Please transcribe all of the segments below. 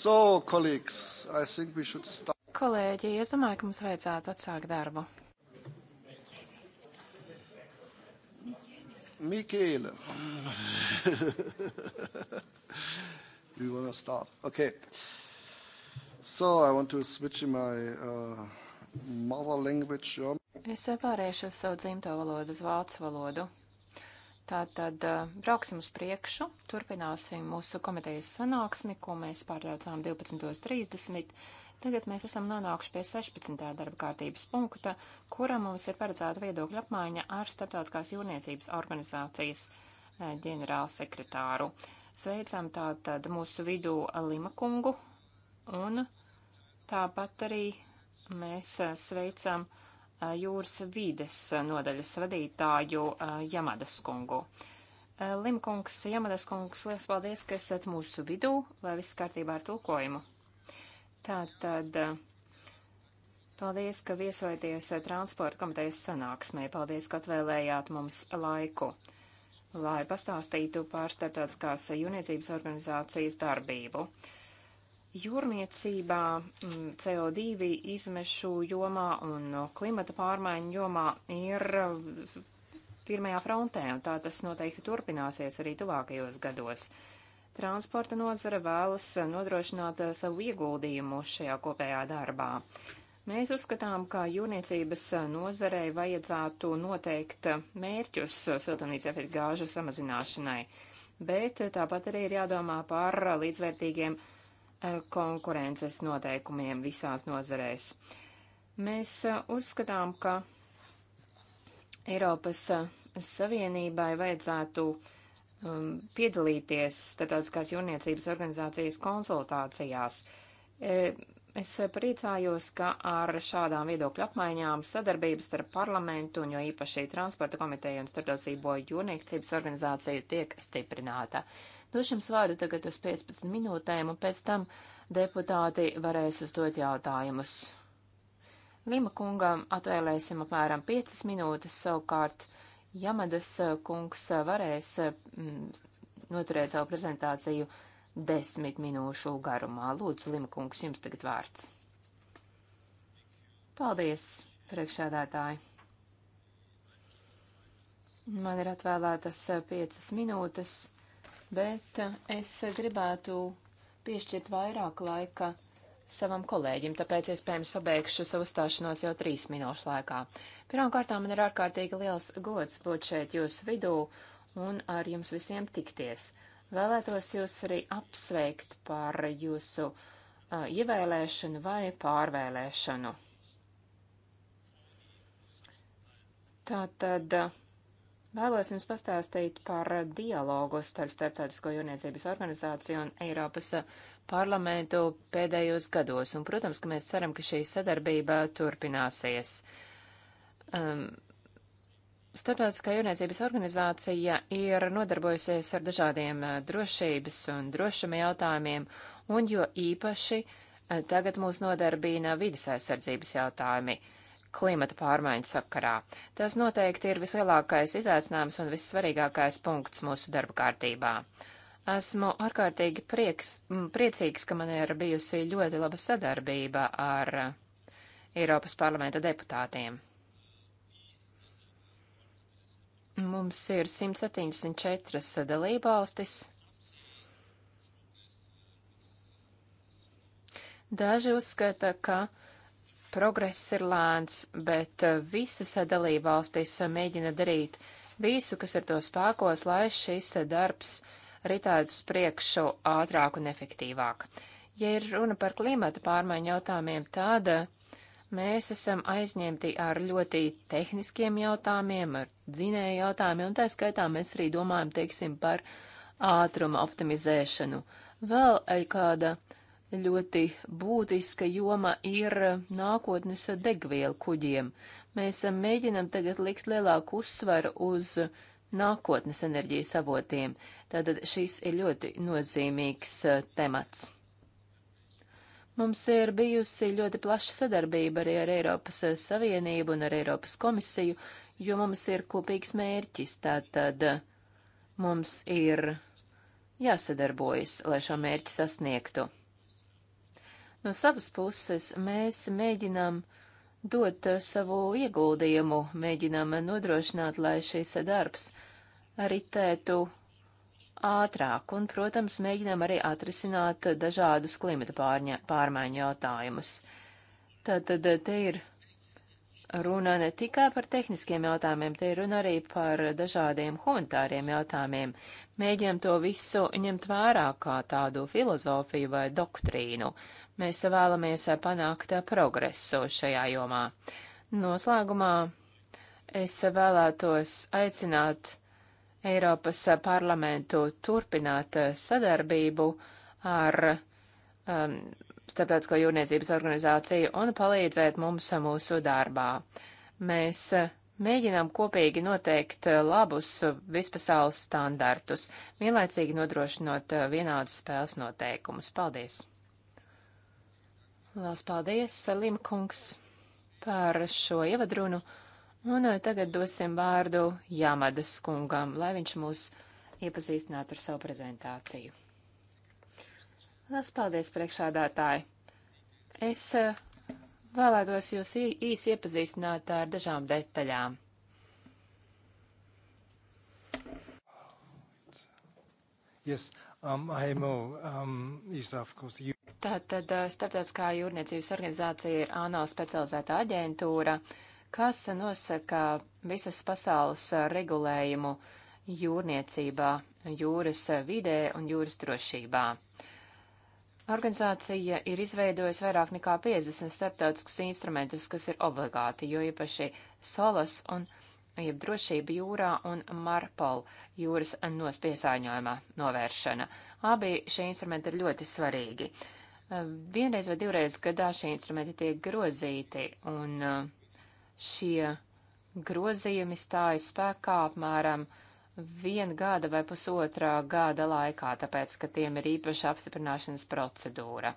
So, colleagues, I think we should start. Kolēģi, es domāju, ka mums vajadzētu atsākt darbu. Mikēla. you want to start? Okay. So, I want to switch in my uh, mother language. German. Es pārēšu uz savu dzimto valodu, uz vācu valodu. Tātad eh, brauksim uz priekšu, turpināsim mūsu komitejas sanāksmi, ko mēs pārtraucām 12.30. Tagad mēs esam nonākuši pie 16. darba kārtības punkta, kura mums ir paredzēta viedokļa apmaiņa ar Startautiskās jūrniecības organizācijas eh, ģenerālsekretāru. Sveicam tātad mūsu vidū Limakungu un tāpat arī mēs eh, sveicam uh, jūras vides nodaļas vadītāju Jamadas kungu. Limkungs, Jamadas kungs, liels paldies, ka esat mūsu vidū, lai viss kārtībā ar tulkojumu. Tātad, paldies, ka viesojaties transporta komitejas sanāksmē, paldies, ka atvēlējāt mums laiku, lai pastāstītu par starptautiskās jūniecības organizācijas darbību. Uh, Jūrniecībā mm, CO2 izmešu jomā un klimata pārmaiņu jomā ir mm, pirmajā frontē, un tā tas noteikti turpināsies arī tuvākajos gados. Transporta nozara vēlas nodrošināt eh, savu ieguldījumu šajā kopējā darbā. Mēs uzskatām, ka jūrniecības eh, nozarei vajadzētu noteikt eh, mērķus siltumnīca efekta gāžu samazināšanai, bet tāpat arī ir jādomā par līdzvērtīgiem Eh, konkurences noteikumiem visās nozarēs. Mēs eh, uzskatām, ka Eiropas eh, Savienībai vajadzētu um, piedalīties starptautiskās jūrniecības organizācijas konsultācijās. E, es priecājos, ka ar šādām viedokļu apmaiņām sadarbības starp parlamentu un jo īpaši transporta komiteju un starptautisko jūrniecības organizāciju tiek stiprināta. Uh, Došu jums vārdu tagad uz 15 minūtēm, un pēc tam deputāti varēs uzdot jautājumus. Lima kungam atvēlēsim apmēram 5 minūtes, savukārt Jamadas eh, kungs eh, varēs mm, noturēt savu prezentāciju desmit minūšu garumā. Lūdzu, Limakungs, jums tagad vārds. Paldies, priekšādātāji. Man ir atvēlētas piecas minūtes, bet eh, es gribētu piešķirt vairāk laika savam kolēģim, tāpēc iespējams pabeigšu savu stāšanos jau trīs minūšu laikā. Pirmkārt, man ir ārkārtīgi liels gods būt šeit jūsu vidū un ar jums visiem tikties. Vēlētos jūs arī apsveikt par jūsu uh, ievēlēšanu vai pārvēlēšanu. Tātad. Uh, Vēlos jums pastāstīt par dialogu starp Startautisko jūrniecības organizāciju un Eiropas parlamentu pēdējos gados, un, protams, ka mēs ceram, ka šī sadarbība turpināsies. Um, Starptautiskā jūrniecības organizācija ir nodarbojusies ar dažādiem uh, drošības un drošuma jautājumiem, un jo īpaši uh, tagad mūs nodarbina vidas aizsardzības jautājumi klimata pārmaiņu sakarā. Tas noteikti ir vislielākais izaicinājums un vissvarīgākais punkts mūsu darba kārtībā. Esmu ārkārtīgi prieks, priecīgs, ka man ir bijusi ļoti laba sadarbība ar Eiropas parlamenta deputātiem. Mums ir 174 dalībvalstis. Daži uzskata, ka Progress ir lēns, bet eh, visas eh, dalībvalstis eh, mēģina darīt visu, kas ir to spēkos, lai šis darbs ritētu uz priekšu ātrāk un efektīvāk. Ja ir runa par klimata pārmaiņu jautājumiem, tad mēs esam aizņemti ar ļoti tehniskiem jautājumiem, ar dzinēju jautājumiem, un tā skaitā mēs arī domājam, teiksim, par ātruma optimizēšanu. Vēl kāda ļoti būtiska joma ir nākotnes degvielu kuģiem. Mēs mēģinam tagad likt lielāku uzsvaru uz nākotnes enerģijas avotiem. Tātad šis ir ļoti nozīmīgs eh, temats. Mums ir bijusi ļoti plaša sadarbība arī ar Eiropas eh, Savienību un ar Eiropas komisiju, jo mums ir kopīgs mērķis. Tātad eh, mums ir jāsadarbojas, lai šo mērķi sasniegtu. No savas puses mēs mēģinām dot savu ieguldījumu, mēģinām nodrošināt, lai šis darbs ritētu ātrāk un, protams, mēģinām arī atrisināt dažādus klimata pārņa, pārmaiņu jautājumus. Tātad te ir runa ne tikai par tehniskiem jautājumiem, te ir runa arī par dažādiem humanitāriem jautājumiem. Mēģinam to visu ņemt vērā kā tādu filozofiju vai doktrīnu. Mēs vēlamies panākt progresu šajā jomā. Noslēgumā es vēlētos aicināt Eiropas parlamentu turpināt sadarbību ar um, Starptautisko jūrniecības organizāciju un palīdzēt mums mūsu darbā. Mēs eh, mēģinām kopīgi noteikt eh, labus vispasaules standartus, vienlaicīgi nodrošinot eh, vienādus spēles noteikumus. Paldies! Lielas paldies, Salim kungs, par šo ievadrunu, un tagad dosim vārdu Jāmadas kungam, lai viņš mūs iepazīstinātu ar savu prezentāciju. Lielas paldies, priekšādātāji! Es eh, vēlētos jūs īsi iepazīstināt ar dažām detaļām. Yes, um, IMO um, is of course you. Tātad eh, Startautiskā jūrniecības organizācija ir ANO specializēta aģentūra, kas nosaka visas pasaules eh, regulējumu jūrniecībā, jūras vidē un jūras drošībā. Organizācija ir izveidojusi vairāk nekā 50 starptautiskus instrumentus, kas ir obligāti, jo īpaši solas un jeb drošība jūrā un Marpol jūras nospiesāņojumā novēršana. Abi šie instrumenti ir ļoti svarīgi. Vienreiz vai divreiz gadā šie instrumenti tiek grozīti, un šie grozījumi stājas spēkā apmēram uh, viena gada vai pusotrā gada laikā, tāpēc, ka tiem ir īpaša apstiprināšanas procedūra.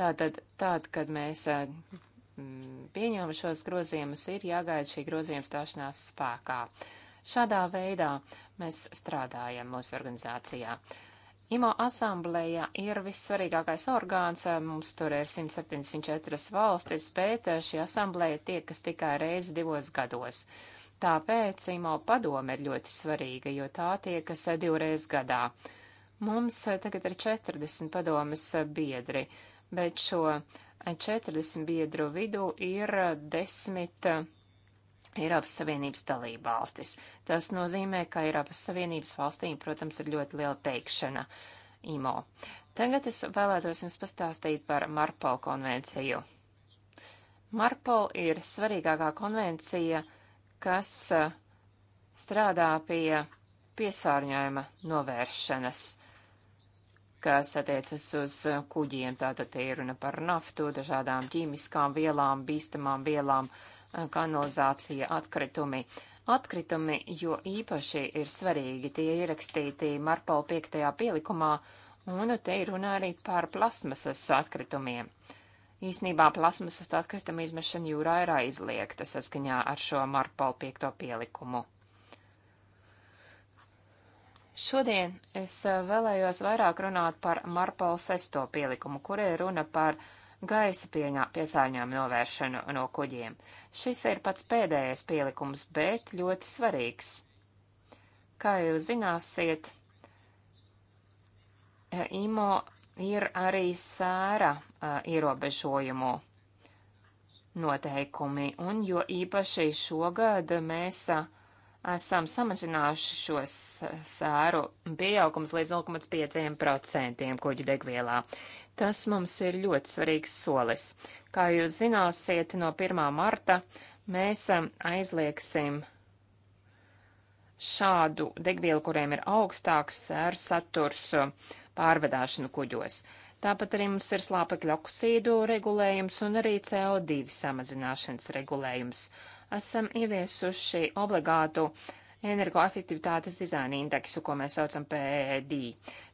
Tātad, tād, kad mēs eh, pieņēmām šos grozījumus, ir jāgaida šī grozījuma stāšanās spēkā. Šādā veidā mēs strādājam mūsu organizācijā. IMO asamblējā ir vissvarīgākais orgāns, eh, mums tur ir 174 valstis, bet eh, šī asamblēja tiekas tikai reizi divos gados. Uh, Tāpēc IMO padome ir ļoti svarīga, jo tā tiekas eh, divreiz gadā. Mums eh, tagad ir 40 padomes eh, biedri, bet šo 40 biedru vidū ir 10 Eiropas Savienības dalība valstis. Tas nozīmē, ka Eiropas Savienības valstīm, protams, ir ļoti liela teikšana IMO. Tagad es vēlētos jums pastāstīt par Marpol konvenciju. Marpol ir svarīgākā konvencija, uh, kas strādā pie piesārņojuma novēršanas, kas attiecas uz kuģiem. Tātad te ir runa par naftu, dažādām ķīmiskām vielām, bīstamām vielām, kanalizācija, atkritumi. Atkritumi, jo īpaši ir svarīgi, tie ir ierakstīti Marpola 5. pielikumā, un te ir runa arī par plasmasas atkritumiem. Uh, Īsnībā plasmasas atkrituma izmešana jūrā ir aizliegta saskaņā ar šo Marpolu piekto pielikumu. Šodien es eh, vēlējos vairāk runāt par Marpolu sesto pielikumu, kurie runa par gaisa pieņā, piesārņojumu novēršanu no kuģiem. Šis ir pats pēdējais pielikums, bet ļoti svarīgs. Kā jūs zināsiet, eh, IMO ir arī sēra uh, ierobežojumu noteikumi, un jo īpaši šogad mēs uh, esam samazinājuši šos sēru pieaugums līdz 0,5% kuģu degvielā. Tas mums ir ļoti svarīgs solis. Kā jūs zināsiet, no 1. marta mēs aizliegsim šādu degvielu, kuriem ir augstāks sēru saturs, uh, pārvedāšanu kuģos. Tāpat arī mums ir slāpekļa oksīdu regulējums un arī CO2 samazināšanas regulējums. Esam ieviesuši obligātu energoefektivitātes dizaina indeksu, ko mēs saucam PED.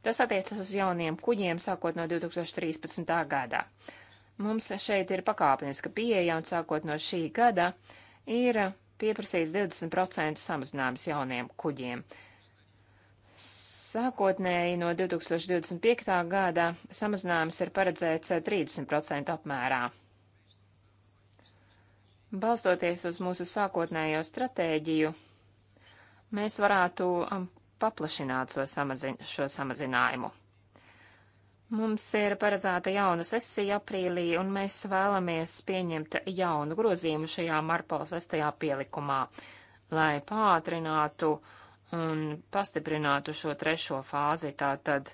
Tas attiecas uz jauniem kuģiem sākot no 2013. gadā. Mums šeit ir pakāpeniska pieeja un sākot no šī gada ir pieprasīts 20% samazinājums jauniem kuģiem Sākotnēji no 2025. gada samazinājums ir paredzēts 30% apmērā. Balstoties uz mūsu sākotnējo stratēģiju, mēs varētu um, paplašināt šo, samazin šo samazinājumu. Mums ir paredzēta jauna sesija aprīlī, un mēs vēlamies pieņemt jaunu grozījumu šajā Marpola sestajā pielikumā, lai pātrinātu uh, un pastiprinātu šo trešo fāzi, tātad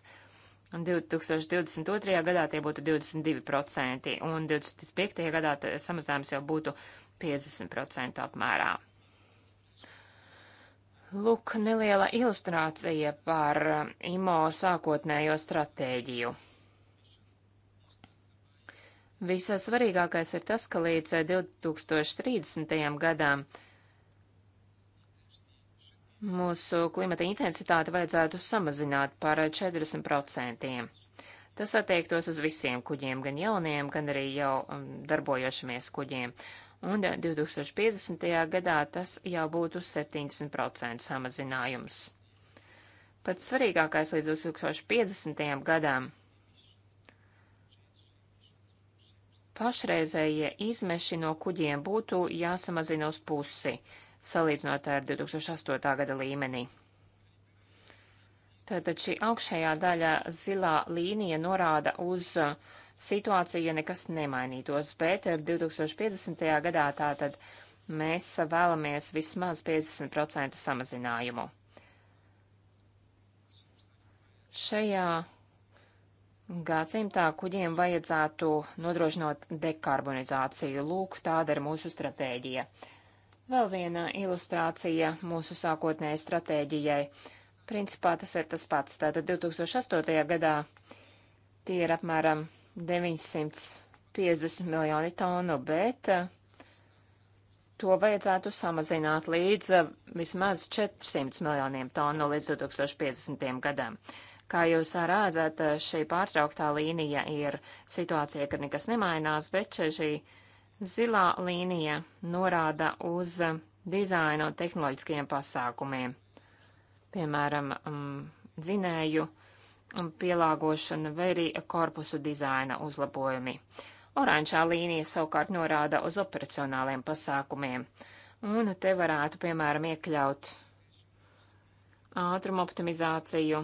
2022. gadā tie būtu 22%, un 2025. gadā samazinājums jau būtu 50% apmērā. Lūk, neliela ilustrācija par um, IMO sākotnējo stratēģiju. Visā svarīgākais ir tas, ka līdz 2030. Eh, gadam Mūsu klimata intensitāti vajadzētu samazināt par 40%. Tas attiektos uz visiem kuģiem, gan jauniem, gan arī jau um, darbojošamies kuģiem. Un 2050. gadā tas jau būtu 70% samazinājums. Pats svarīgākais līdz 2050. gadam pašreizējie izmeši no kuģiem būtu jāsamazina uz pusi salīdzinot ar 2008. gada līmenī. Tātad šī augšējā daļa zilā līnija norāda uz uh, situāciju, ja nekas nemainītos, bet 2050. Uh, gadā tātad mēs vēlamies vismaz 50% samazinājumu. Šajā gadsimtā kuģiem vajadzētu nodrošinot dekarbonizāciju. Lūk, tāda ir mūsu stratēģija. Uh, Vēl viena ilustrācija mūsu sākotnējai stratēģijai. Principā tas ir tas pats. Tātad 2008. gadā tie ir apmēram 950 miljoni tonu, bet eh, to vajadzētu samazināt līdz eh, vismaz 400 miljoniem tonu līdz 2050. gadam. Kā jūs rādzat, eh, šī pārtrauktā līnija ir situācija, kad nekas nemainās, bet šī Zilā līnija norāda uz dizainu un tehnoloģiskajiem pasākumiem, piemēram, mm, dzinēju mm, pielāgošana vai arī korpusu dizaina uzlabojumi. Oranžā līnija savukārt norāda uz operacionāliem pasākumiem, un te varētu, piemēram, iekļaut ātrumu optimizāciju,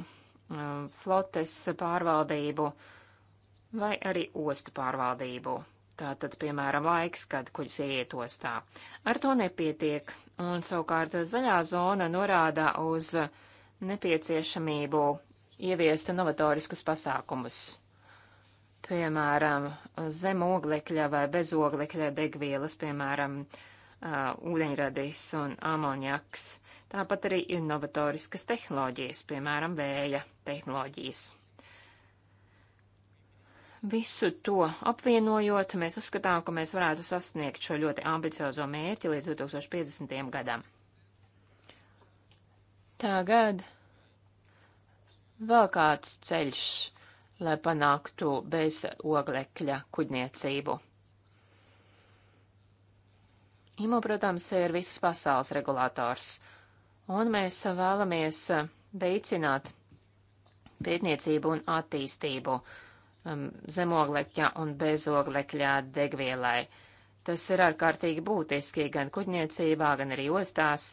mm, flotes pārvaldību vai arī ostu pārvaldību. Tātad, piemēram, laiks, kad kuģis ieiet ostā. Ar to nepietiek, un savukārt zaļā zona norāda uz nepieciešamību ieviest novatoriskus pasākumus. Piemēram, zem oglekļa vai bez oglekļa degvielas, piemēram, ūdeņradis un amonjaks, tāpat arī novatoriskas tehnoloģijas, piemēram, vēja tehnoloģijas visu to apvienojot, mēs uzskatām, ka mēs varētu sasniegt šo ļoti ambiciozo mērķi līdz 2050. gadam. Tagad vēl kāds ceļš, lai panāktu bez oglekļa kuģniecību. IMO, protams, ir visas pasaules regulators, un mēs vēlamies veicināt pētniecību un attīstību um, zemoglekļa un bezoglekļa degvielai. Tas ir ārkārtīgi būtiski gan kuģniecībā, gan arī ostās,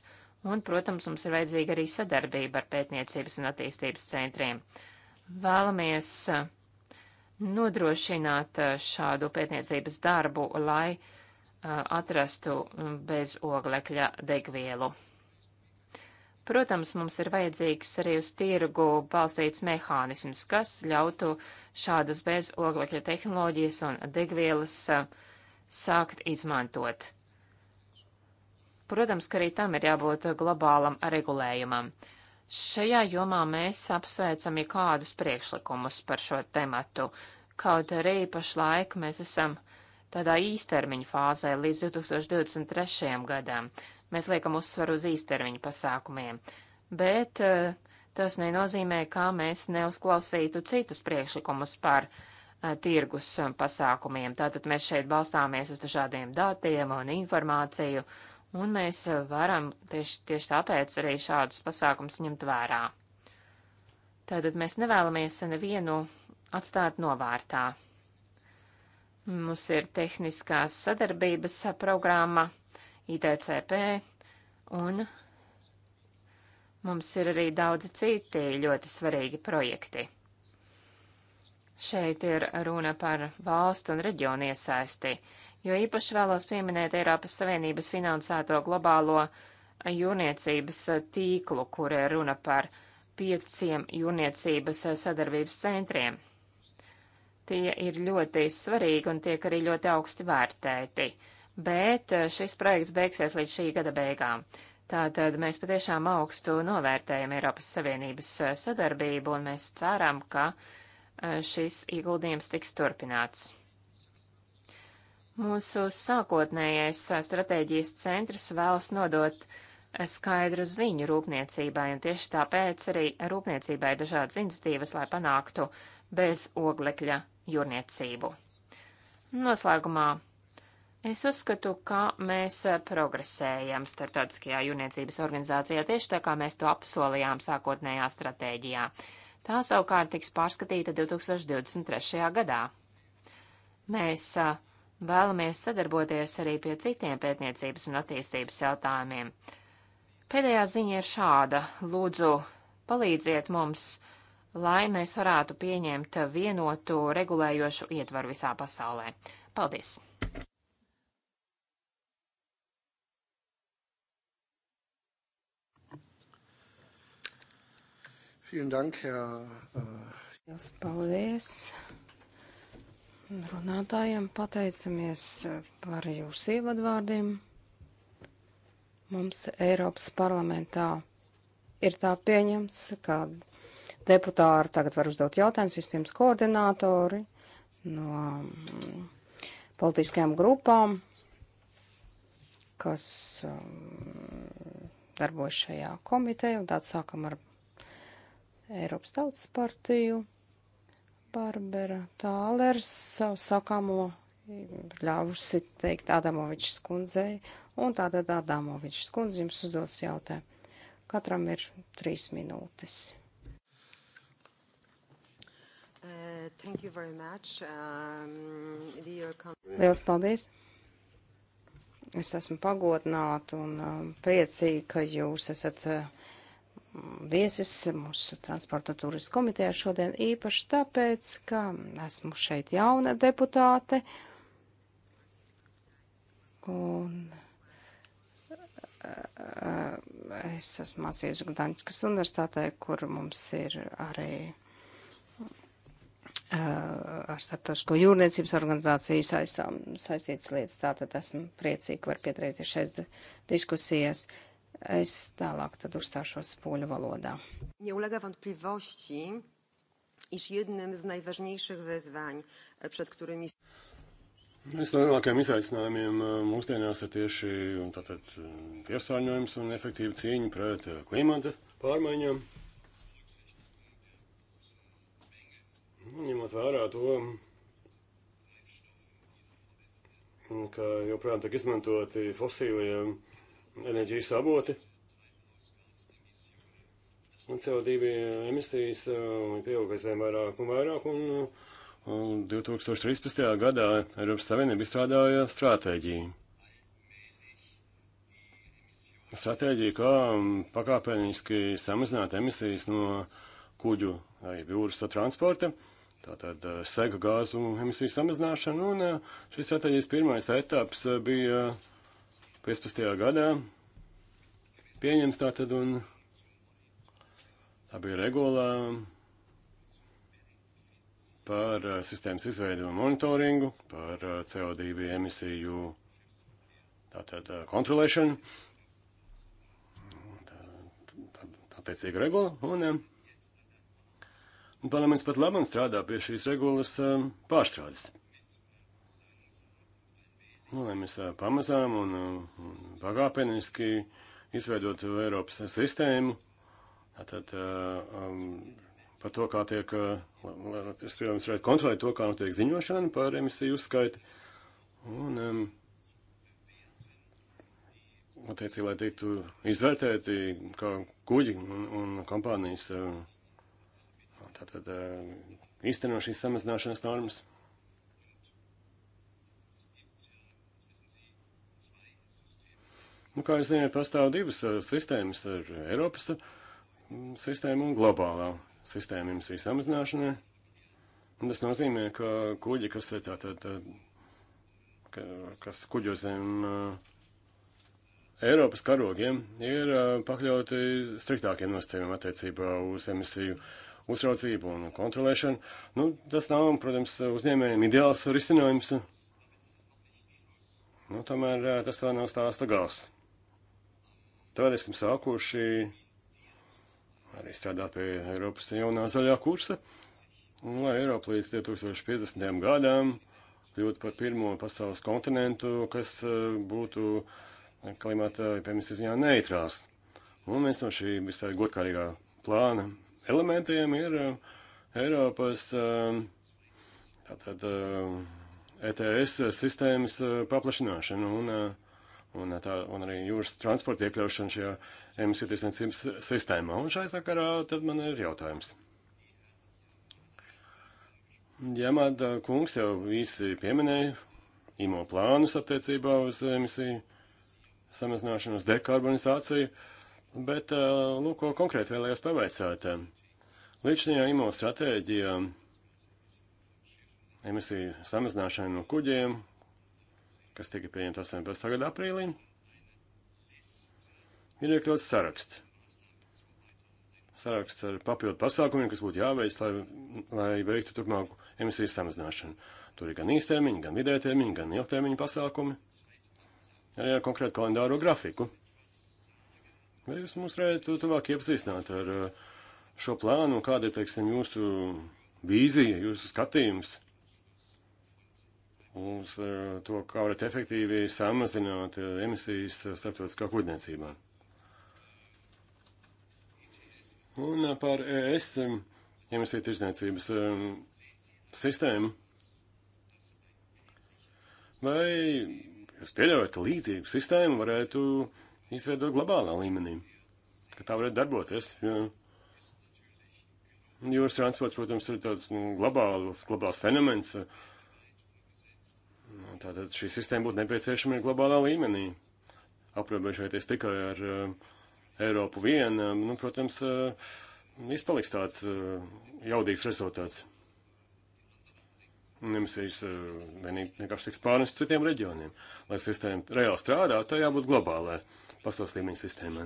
un, protams, mums ir vajadzīga arī sadarbība ar pētniecības un attīstības centriem. Vēlamies uh, nodrošināt uh, šādu pētniecības darbu, lai uh, atrastu um, bezoglekļa degvielu. Protams, mums ir vajadzīgs arī uz tirgu balstīts mehānisms, kas ļautu šādas bezoglekļa tehnoloģijas un degvielas eh, sākt izmantot. Protams, ka arī tam ir jābūt globālam regulējumam. Šajā jomā mēs apsveicam jau kādus priekšlikumus par šo tematu, kaut arī pašlaik mēs esam tādā īstermiņa fāzē līdz 2023. gadam. Mēs liekam uzsvaru uz īstermiņu pasākumiem, bet eh, tas nenozīmē, kā mēs neuzklausītu citus priekšlikumus par eh, tirgus eh, pasākumiem. Tātad mēs šeit balstāmies uz dažādiem datiem un informāciju, un mēs varam tieši, tieši tāpēc arī šādus pasākums ņemt vērā. Tātad mēs nevēlamies nevienu atstāt novārtā. Mums ir tehniskās sadarbības programma, ITCP, un mums ir arī daudzi citi ļoti svarīgi projekti. Šeit ir runa par valstu un reģionu iesaisti, jo īpaši vēlos pieminēt Eiropas Savienības finansēto globālo jūrniecības tīklu, kur ir runa par pieciem jūrniecības sadarbības centriem. Tie ir ļoti svarīgi un tiek arī ļoti augsti vērtēti bet eh, šis projekts beigsies līdz šī gada beigām. Tātad mēs patiešām augstu novērtējam Eiropas Savienības eh, sadarbību un mēs ceram, ka eh, šis ieguldījums tiks turpināts. Mūsu sākotnējais stratēģijas centrs vēlas nodot skaidru ziņu rūpniecībai, un tieši tāpēc arī rūpniecībai dažādas iniciatīvas, lai panāktu bez oglekļa jūrniecību. Noslēgumā Es uzskatu, ka mēs eh, progresējam starptautiskajā jūniecības organizācijā tieši tā, kā mēs to apsolījām sākotnējā stratēģijā. Tā savukārt tiks pārskatīta 2023. gadā. Mēs eh, vēlamies sadarboties arī pie citiem pētniecības un attīstības jautājumiem. Pēdējā ziņa ir šāda. Lūdzu, palīdziet mums, lai mēs varētu pieņemt vienotu regulējošu ietvaru visā pasaulē. Paldies! Vielen Dank, Herr. Jās äh, paldies runātājiem, pateicamies äh, par jūsu ievadvārdiem. Mums Eiropas parlamentā ir tā pieņems, ka deputāri tagad var uzdot jautājumus, vispirms koordinātori no mm, politiskajām grupām, kas mm, darbojas šajā komitejā, un tāds sākam ar Eiropas Tautas partiju. Barbara Tālers savu sakāmo ļāvusi teikt Adamovičs kundzei, un tātad Adamovičs kundze jums uzdos jautājumu. Katram ir trīs minūtes. Uh, um, your... Lielas paldies! Es esmu pagodināta un um, priecīga, ka jūs esat uh, viesis mūsu transporta turismu komitejā šodien īpaši tāpēc, ka esmu šeit jauna deputāte. Un eh, es esmu mācījusi Gdaņķiskas universitātē, kur mums ir arī eh, ar starptautisko jūrniecības organizāciju saistām, saistītas lietas. Tātad esmu priecīgi, ka var piedarīties šeit diskusijas. Uh, Es tālāk tad uzstāšos poļu valodā. Nie ulega wątpliwości, iż jednym z najważniejszych wyzwań, e, przed którymi... Viens no lielākajiem izaicinājumiem e, mūsdienās ir tieši tātad, e, piesārņojums un efektīva cīņa pret klimata pārmaiņām. Ņemot vērā to, ka joprojām tiek izmantoti fosīlie enerģijas avoti. Un CO2 emisijas uh, pieauga aizvien vairāk un vairāk, un, uh, un 2013. gadā Eiropas Savienība izstrādāja stratēģiju. Stratēģija, kā um, pakāpeniski samazināt emisijas no kuģu vai jūras transporta, tātad uh, sega gāzu emisiju samazināšanu, un šīs stratēģijas pirmais etaps bija uh, 15. gadā pieņems tātad un tā bija regulā par eh, sistēmas izveidu un monitoringu, par eh, CO2 emisiju tātad eh, kontrolēšanu. Tā, tā, tā teicīga regula. Un, un parlaments pat labam strādā pie šīs regulas pārstrādes. Nu, lai mēs pamazām un, un pagāpeniski izveidotu Eiropas sistēmu, tad um, par to, kā tiek, lai, es pieņemu, varētu kontrolēt to, kā notiek ziņošana par emisiju uzskaiti. Un, um, attiecīgi, lai tiktu izvērtēti kā kuģi un, un kompānijas tātad īsteno šīs samazināšanas normas. Nu, kā jūs zināt, pastāv divas sistēmas ar Eiropas sistēmu un globālā sistēma emisiju samazināšanai. Un tas nozīmē, ka kuģi, kas ir tātad, tā, tā, ka, kas kuģo zem uh, Eiropas karogiem, ir uh, pakļauti striktākiem nosacījumiem attiecībā uz emisiju uzraucību un kontrolēšanu. Nu, tas nav, protams, uzņēmējiem ideāls risinājums. Nu, tomēr uh, tas vēl nav stāsta gals. Tad esam sākuši arī strādāt pie Eiropas jaunā zaļā kursa, un lai Eiropa līdz 2050. gadam kļūtu par pirmo pasaules kontinentu, kas e, būtu klimata, piemēram, ziņā neitrās. Un viens no šī visai godkārīgā plāna elementiem ir e, Eiropas e, tātad ETS sistēmas paplašināšana un uh, un, tā, un arī jūras transporta iekļaušana šajā emisiju tirsniecības sistēmā. Un šai sakarā tad man ir jautājums. Jāmāda ja kungs jau visi pieminēja IMO plānus attiecībā uz emisiju samazināšanu, uz dekarbonizāciju, bet lūk, ko konkrēti vēlējos pavaicāt. Līdz šajā IMO stratēģijā emisiju samazināšanu no kuģiem kas tika pieņemta 18. gada aprīlī, ir iekļauts saraksts. Saraksts ar papildu pasākumiem, kas būtu jāveic, lai, lai veiktu turpmāku emisiju samazināšanu. Tur ir gan īstermiņa, gan vidētermiņa, gan ilgtermiņa pasākumi, arī ar konkrētu kalendāro grafiku. Vai jūs mums varētu tuvāk iepazīstināt ar uh, šo plānu, kāda ir, teiksim, jūsu vīzija, jūsu skatījums? uz eh, to, kā varat efektīvi samazināt eh, emisijas eh, starptautiskā kuģniecībā. Un par ES emisiju tirsniecības sistēmu. Vai jūs pieļaujat, ka līdzīgu sistēmu varētu izveidot globālā līmenī? Ka tā varētu darboties? Jo jūras transports, protams, ir tāds nu, globāls, globāls fenomens. Uh, Tātad šī sistēma būtu nepieciešama globālā līmenī. Aprobežoties tikai ar uh, Eiropu vien, uh, nu, protams, uh, izpaliks tāds uh, jaudīgs rezultāts. Nemesīs uh, vienkārši tiks pārnest citiem reģioniem. Lai sistēma reāli strādā, tā jābūt globālai pasaules līmeņa sistēmai.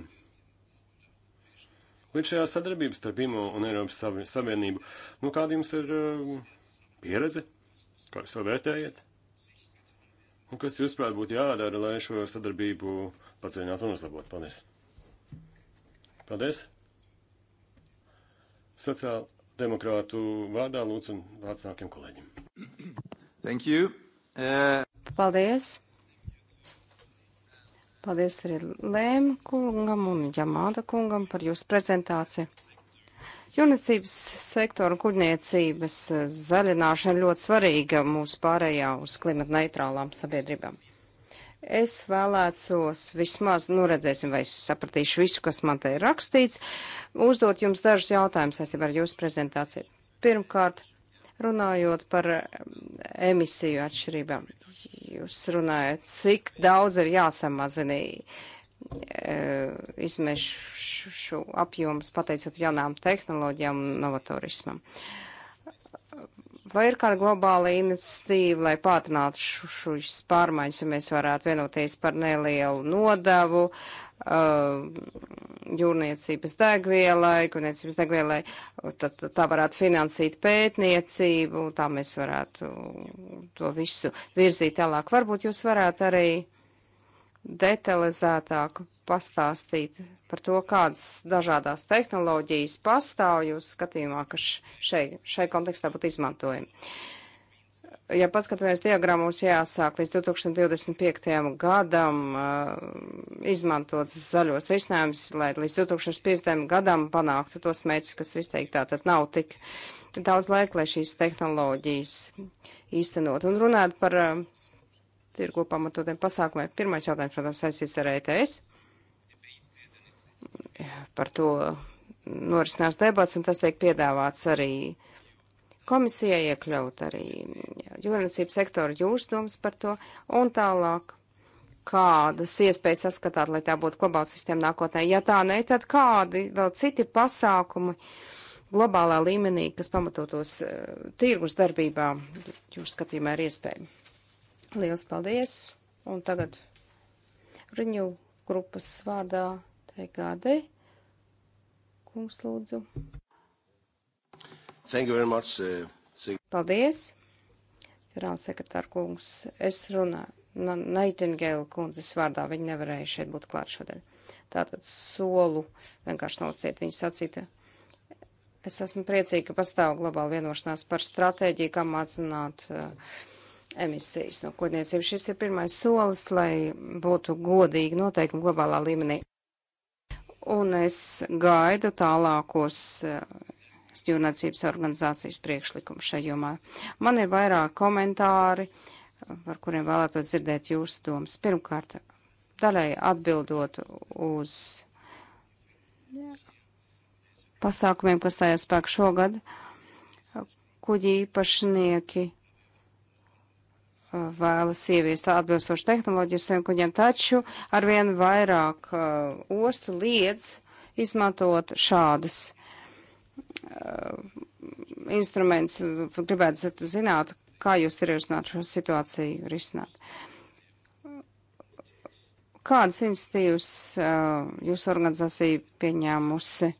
Līdz šajā sadarbības starp IMO un Eiropas Savienību, nu kāda jums ir uh, pieredze? Kā jūs to vērtējat? Un kas, jūsuprāt, būtu jādara, lai šo sadarbību paceļinātu un uzlabotu? Paldies! Paldies! Sociāldemokrātu vārdā lūdzu un vārds nākiem kolēģim. Thank you. Uh... Paldies! Paldies arī Lēm kungam un Jamāda kungam par jūsu prezentāciju. Jūrniecības sektora kuģniecības eh, zaļināšana ļoti svarīga mūsu pārējā uz klimata neitrālām sabiedrībām. Es vēlētos vismaz, nu redzēsim, vai es sapratīšu visu, kas man te ir rakstīts, uzdot jums dažus jautājumus saistībā ar jūsu prezentāciju. Pirmkārt, runājot par eh, emisiju atšķirībām, jūs runājat, cik daudz ir jāsamazinīja izmešu apjoms pateicot jaunām tehnoloģijām un novatorismam. Vai ir kāda globāla iniciatīva, lai pātrinātu šīs pārmaiņas, ja mēs varētu vienoties par nelielu nodevu uh, jūrniecības degvielai, kurniecības degvielai, tad tā varētu finansīt pētniecību, tā mēs varētu to visu virzīt tālāk. Varbūt jūs varētu arī uh, detalizētāk pastāstīt par to, kādas dažādās tehnoloģijas pastāv jūsu skatījumā, kas šai, šai kontekstā būtu izmantojami. Ja paskatāmies diagrammu, mums jāsāk līdz 2025. gadam uh, izmantot zaļos risinājumus, lai līdz 2050. gadam panāktu tos mērķus, kas ir izteikti. Tātad nav tik daudz laika, lai šīs tehnoloģijas īstenot. Un runāt par uh, tirgu pamatotiem pasākumiem. Pirmais jautājums, protams, saistīts ar ETS. Par to norisinās debats, un tas tiek piedāvāts arī komisijai iekļaut arī jūrniecības sektoru jūsu domas par to, un tālāk. Kādas iespējas saskatāt, lai tā būtu globāla sistēma nākotnē? Ja tā ne, tad kādi vēl citi pasākumi globālā līmenī, kas pamatotos uh, tirgus darbībā, jūs skatījumā ir iespējami? Liels paldies! Un tagad riņu grupas vārdā TGD. Kungs lūdzu. Thank you very much. Uh, Paldies, ģenerālsekretār kungs. Es runāju Naitingēla kundzes vārdā, viņa nevarēja šeit būt klāt šodien. Tātad solu vienkārši nociet viņa sacīta. Es esmu priecīga, ka pastāv globāla vienošanās par stratēģiju, kā mazināt uh, emisijas no kodniecības. Šis ir pirmais solis, lai būtu godīgi noteikumi globālā līmenī. Un es gaidu tālākos eh, jūrniecības organizācijas priekšlikumu šajā jomā. Man ir vairāk komentāri, par kuriem vēlētos dzirdēt jūsu domas. Pirmkārt, daļai atbildot uz pasākumiem, kas stājās spēku šogad, kuģi īpašnieki vēlas ieviest atbilstošu tehnoloģiju saviem kuģiem, taču arvien vairāk uh, ostu liedz izmantot šādas uh, instrumentus. Gribētu zināt, kā jūs ir risināt šo situāciju risināt. Kādas institīvas uh, jūsu organizācija pieņēmusi,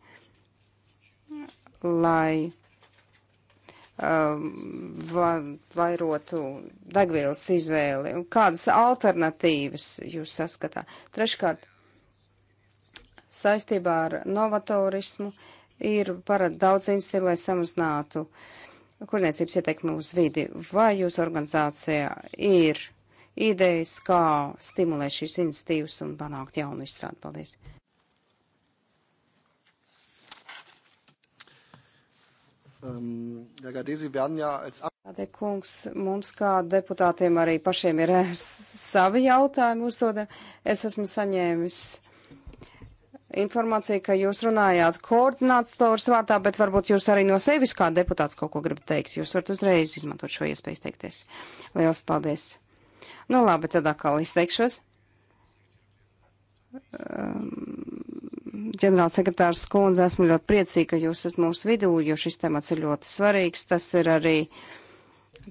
lai Um, vairotu degvielas izvēli? Un kādas alternatīvas jūs saskatāt? Treškārt, saistībā ar novatorismu ir parad daudz institūti, lai samazinātu kurniecības ietekmi uz vidi. Vai jūsu organizācijā ir idejas, kā stimulēt šīs institīvas un panākt jaunu izstrādi? Paldies! Um, ähm, Tādēļ, kungs, mums kā deputātiem arī pašiem ir eh, savi jautājumi uzdodami. Es esmu saņēmis informāciju, ka jūs runājāt koordinātors vārtā, bet varbūt jūs arī no sevis kā deputāts kaut ko gribat teikt. Jūs varat uzreiz izmantot šo iespēju teikties. Lielas paldies! Nu labi, tad atkal izteikšos. Um, ģenerālsekretārs Kundze, esmu ļoti priecīga, ka jūs esat mūsu vidū, jo šis temats ir ļoti svarīgs. Tas ir arī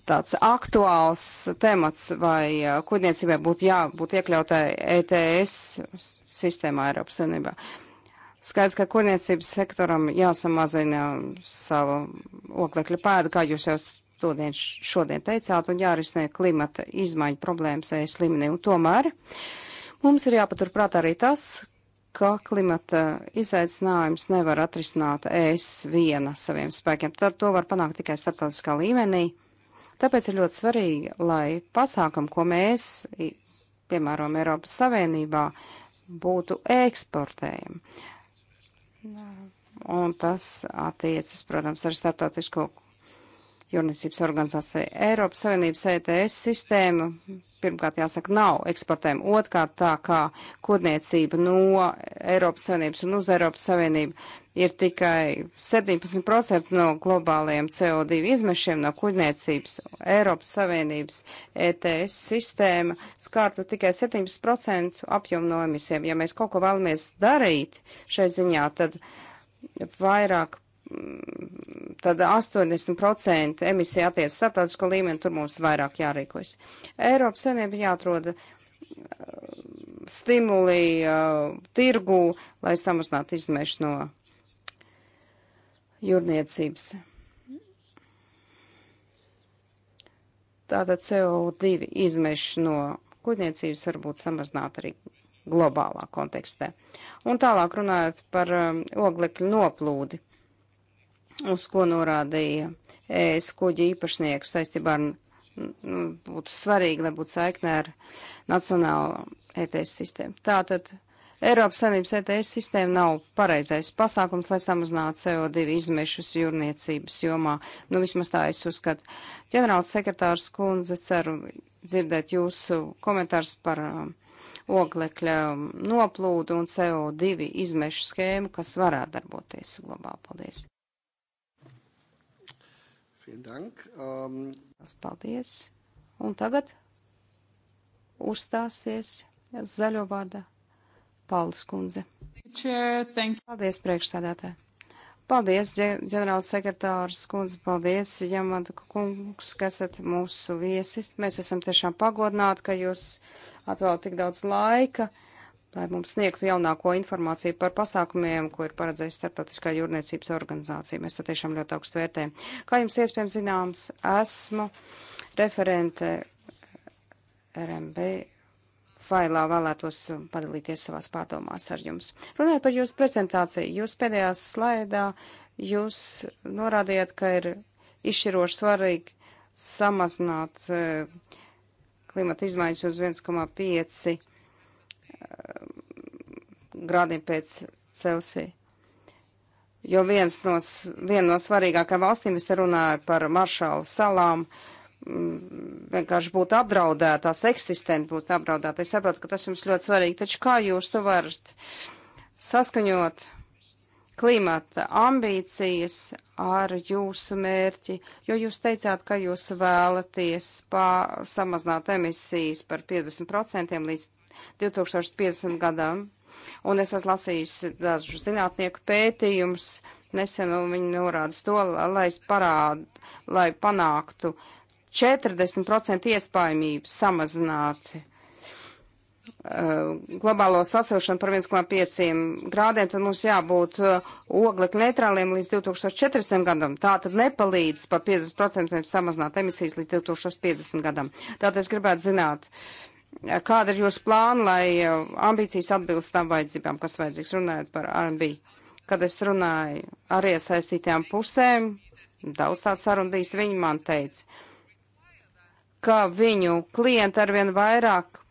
tāds aktuāls temats, vai uh, kuģniecībai būtu jābūt iekļautai ETS sistēmā Eiropas Savienībā. Skaidrs, ka kuģniecības sektoram jāsamazina savu oglekļa pēdu, kā jūs jau šodien, šodien teicāt, un jārisina klimata izmaiņu problēmas ēst slimnī. Un tomēr mums ir jāpaturprāt arī tas, ka klimata izaicinājums nevar atrisināt ES viena saviem spēkiem. Tad to var panākt tikai starptautiskā līmenī. Tāpēc ir ļoti svarīgi, lai pasākumi, ko mēs, piemēram, Eiropas Savienībā, būtu eksportējami. Un tas attiecas, protams, ar starptautisko Jūrniecības organizācija Eiropas Savienības ETS sistēma, pirmkārt jāsaka, nav eksportēm. Otkārt tā kā kodniecība no Eiropas Savienības un uz Eiropas Savienību ir tikai 17% no globālajiem CO2 izmešiem no kuģniecības. Eiropas Savienības ETS sistēma skārtu tikai 17% apjomu no emisiem. Ja mēs kaut ko vēlamies darīt šai ziņā, tad vairāk tad 80% emisija attiec starptautisko līmeni, tur mums vairāk jārīkojas. Eiropas senība jāatrod uh, stimuli uh, tirgū, lai samazinātu izmešu no jūrniecības. Tātad CO2 izmešu no kuģniecības varbūt samazināt arī globālā kontekstē. Un tālāk runājot par um, oglekļu noplūdi uz ko norādīja es kuģi īpašnieku saistībā ar, nu, būtu svarīgi, lai būtu saiknē ar nacionālo ETS sistēmu. Tātad Eiropas Savienības ETS sistēma nav pareizais pasākums, lai samazinātu CO2 izmešus jūrniecības jomā. Nu, vismaz tā es uzskatu. Ģenerāls sekretārs kundze ceru dzirdēt jūsu komentārs par um, oglekļa um, noplūdu un CO2 izmešu schēmu, kas varētu darboties globāli. Paldies! Um... Paldies. Un tagad uzstāsies zaļo vārda Paulas kundze. Chair, paldies, priekšsēdētāji. Paldies, ģenerāls sekretārs kundze, paldies, Jamanta kungs, ka esat mūsu viesis. Mēs esam tiešām pagodināti, ka jūs atvēl tik daudz laika. Uh, lai mums sniegtu jaunāko informāciju par pasākumiem, ko ir paredzējis Startautiskā jūrniecības organizācija. Mēs to tiešām ļoti augstu vērtējam. Kā jums iespējams zināms, esmu referente RMB failā vēlētos padalīties savās pārdomās ar jums. Runājot par jūsu prezentāciju, jūs pēdējā slaidā jūs norādījāt, ka ir izšķiroši svarīgi samazināt eh, klimata izmaiņas uz 1,5 Um, grādiem pēc Celsija. Jo viens no, viena no svarīgākajām valstīm, es te runāju par Maršalu salām, mm, vienkārši būtu apdraudētās, eksistenti būtu apdraudētās. Es saprotu, ka tas jums ļoti svarīgi, taču kā jūs to varat saskaņot klimata ambīcijas ar jūsu mērķi, jo jūs teicāt, ka jūs vēlaties pā, samazināt emisijas par 50% līdz 2050 gadam. Un es esmu lasījis dažu zinātnieku pētījumus nesen, un viņi norāda to, lai es parādu, lai panāktu 40% iespējamību samazināt uh, globālo sasilšanu par 1,5 grādiem, tad mums jābūt uh, oglekļa neitrāliem līdz 2040 gadam. Tā tad nepalīdz par 50% samazināt emisijas līdz 2050 gadam. Tātad es gribētu zināt, uh, Kāda ir jūsu plāna, lai uh, ambīcijas atbilst tam vajadzībām, kas vajadzīgs runājot par R&B? Kad es runāju ar iesaistītām pusēm, daudz tāds saruna bijis, viņi man teica, ka viņu klienti arvien vairāk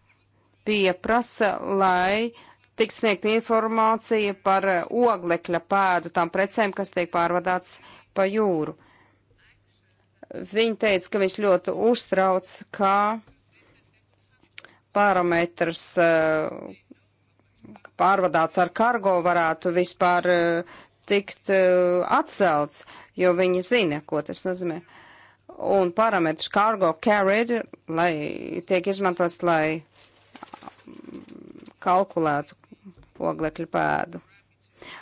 pieprasa, lai tiks sniegt informācija par uh, oglekļa pēdu tām precēm, kas tiek pārvadāts pa jūru. Viņa teica, ka viņš ļoti uztrauc, ka parametrs eh, pārvadāts ar kargo varētu vispār eh, tikt eh, atcelts, jo viņi zina, ko tas nozīmē. Un parametrs cargo carriage, lai tiek izmantots, lai kalkulētu oglekļu pēdu.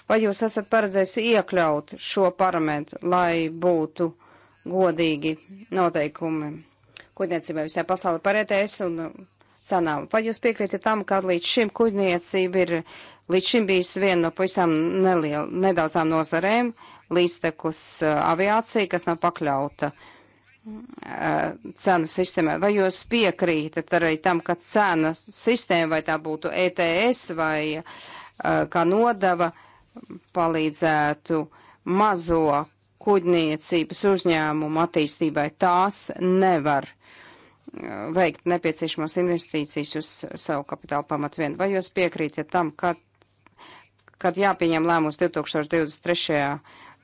Vai jūs esat paredzējis iekļaut šo parametru, lai būtu godīgi noteikumi? Kodniecībai visai pasauli parētēs e un cenām. Vai jūs piekrītat tam, ka līdz šim kuģniecība ir līdz šim bijusi viena no pavisam neliel, nedaudzām nozarēm, līdztekus uh, aviācija, kas nav pakļauta uh, cenu sistēmai. Vai jūs piekrītat arī tam, ka cena sistēma, vai tā būtu ETS vai uh, kā nodava, palīdzētu mazo kuģniecības uzņēmumu attīstībai? Tās nevar uh, veikt nepieciešamos investīcijas uz savu kapitālu pamatu vien. Vai jūs piekrītat tam, ka, kad jāpieņem lēmums 2023.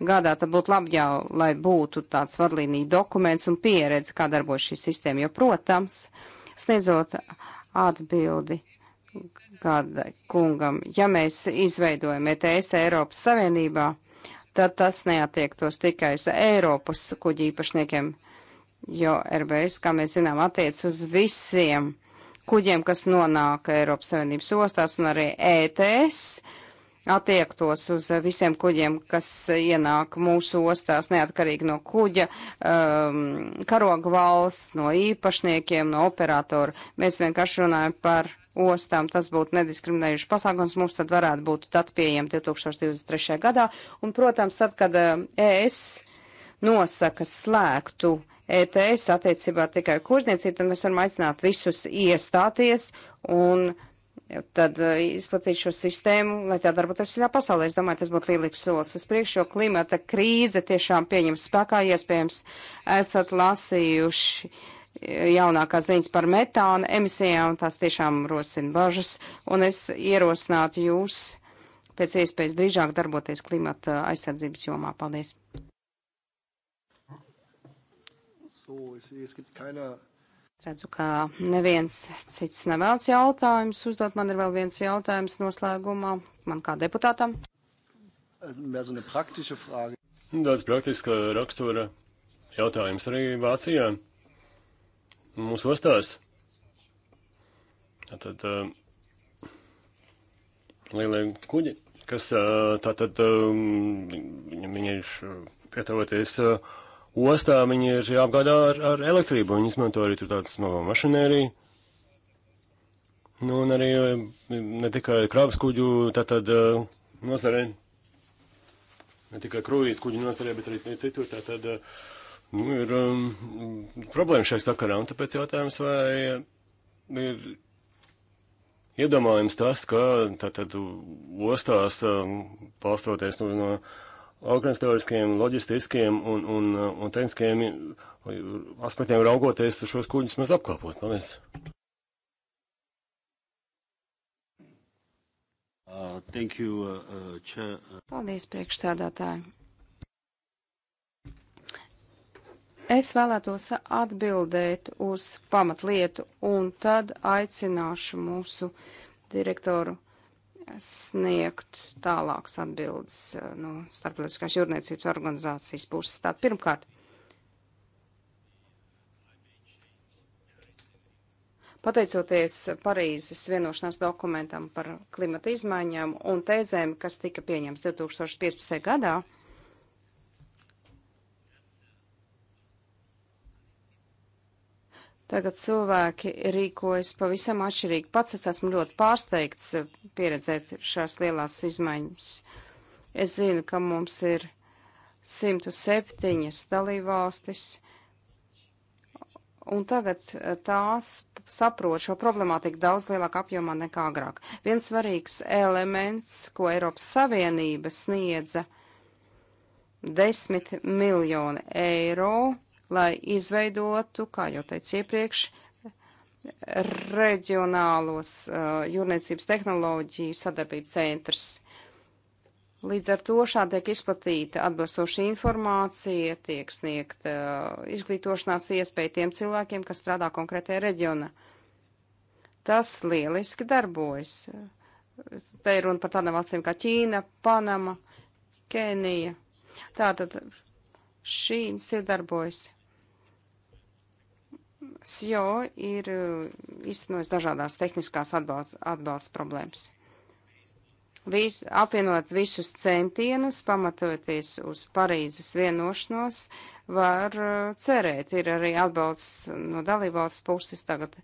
gadā, tad būtu labi jau, lai būtu tāds vadlīnija dokuments un pieredze, kā darbojas šī sistēma, jo, protams, sniedzot atbildi kāda kungam, ja mēs izveidojam ETS Eiropas Savienībā, tad tas neatiektos tikai uz Eiropas kuģi īpašniekiem jo RBS, kā mēs zinām, attiec uz visiem kuģiem, kas nonāk Eiropas Savienības ostās, un arī ETS attiektos uz visiem kuģiem, kas ienāk mūsu ostās, neatkarīgi no kuģa, um, karoga valsts, no īpašniekiem, no operatora. Mēs vienkārši runājam par ostām, tas būtu nediskriminējuši pasākums, mums tad varētu būt dati pieejami 2023. gadā, un, protams, tad, kad uh, ES nosaka slēgtu uh, ETS attiecībā tikai kurzniecību, tad mēs varam aicināt visus iestāties un tad e, izplatīt šo sistēmu, lai tā darbotos visā pasaulē. Es domāju, tas būtu lielīgs solis uz priekšu, jo klimata krīze tiešām pieņems spēkā, iespējams, esat lasījuši e, jaunākās ziņas par metānu emisijām, tās tiešām rosina bažas, un es ierosinātu jūs pēc iespējas drīzāk darboties klimata aizsardzības jomā. Paldies! So, es, es gibt keiner. Redzu, ka neviens cits nevēlas jautājumus uzdot. Man ir vēl viens jautājums noslēgumā, man kā deputātam. Daudz praktiska rakstura jautājums arī Vācijā. Mūsu ostās. Tātad uh, lielie kuģi, kas uh, tātad uh, viņam viņi ir pietavoties. Uh, ostā viņi ir jāapgādā ar, ar elektrību, viņi izmanto arī tur tādu smago mašinēriju. Nu, un arī e, ne tikai krāpes kuģu, tātad uh, e, nozarē, ne tikai krūvīs kuģu nozarē, bet arī, arī citur, tātad, uh, e, nu, ir um, problēma šai sakarā, un tāpēc jautājums, vai ir iedomājums tas, ka tātad ostās, um, palstoties nu, no. no organizatoriskiem, loģistiskiem un, un, un tehniskiem aspektiem raugoties šos kuģus mēs apkalpot. Paldies! Uh, thank you, uh, uh, chair. Paldies, priekšsēdētāji. Es vēlētos atbildēt uz pamatlietu un tad aicināšu mūsu direktoru sniegt tālākas atbildes eh, no nu, starptautiskās jūrniecības organizācijas puses. Tātad pirmkārt, pateicoties Parīzes vienošanās dokumentam par klimata izmaiņām un tēzēm, kas tika pieņemts 2015. gadā, Tagad cilvēki rīkojas pavisam atšķirīgi. Pats es esmu ļoti pārsteigts eh, pieredzēt šās lielās izmaiņas. Es zinu, ka mums ir 107 dalībvalstis, un tagad eh, tās saprot šo problemātiku daudz lielākā apjomā nekā agrāk. Viens svarīgs elements, ko Eiropas Savienība sniedza 10 miljoni eiro lai izveidotu, kā jau teicu iepriekš, reģionālos uh, jūrniecības tehnoloģiju sadarbību centrs. Līdz ar to šādi tiek izplatīta atbilstoša informācija, tiek sniegta uh, izglītošanās iespēja tiem cilvēkiem, kas strādā konkrētajā reģionā. Tas lieliski darbojas. Te ir runa par tādām valstīm kā Ķīna, Panama, Kenija. Tātad šī institūcija darbojas. SJO ir uh, īstenojis dažādās tehniskās atbalsts, atbalsts problēmas. Vis, apvienot visus centienus, pamatoties uz Parīzes vienošanos, var uh, cerēt, ir arī atbalsts no dalībvalsts puses tagad.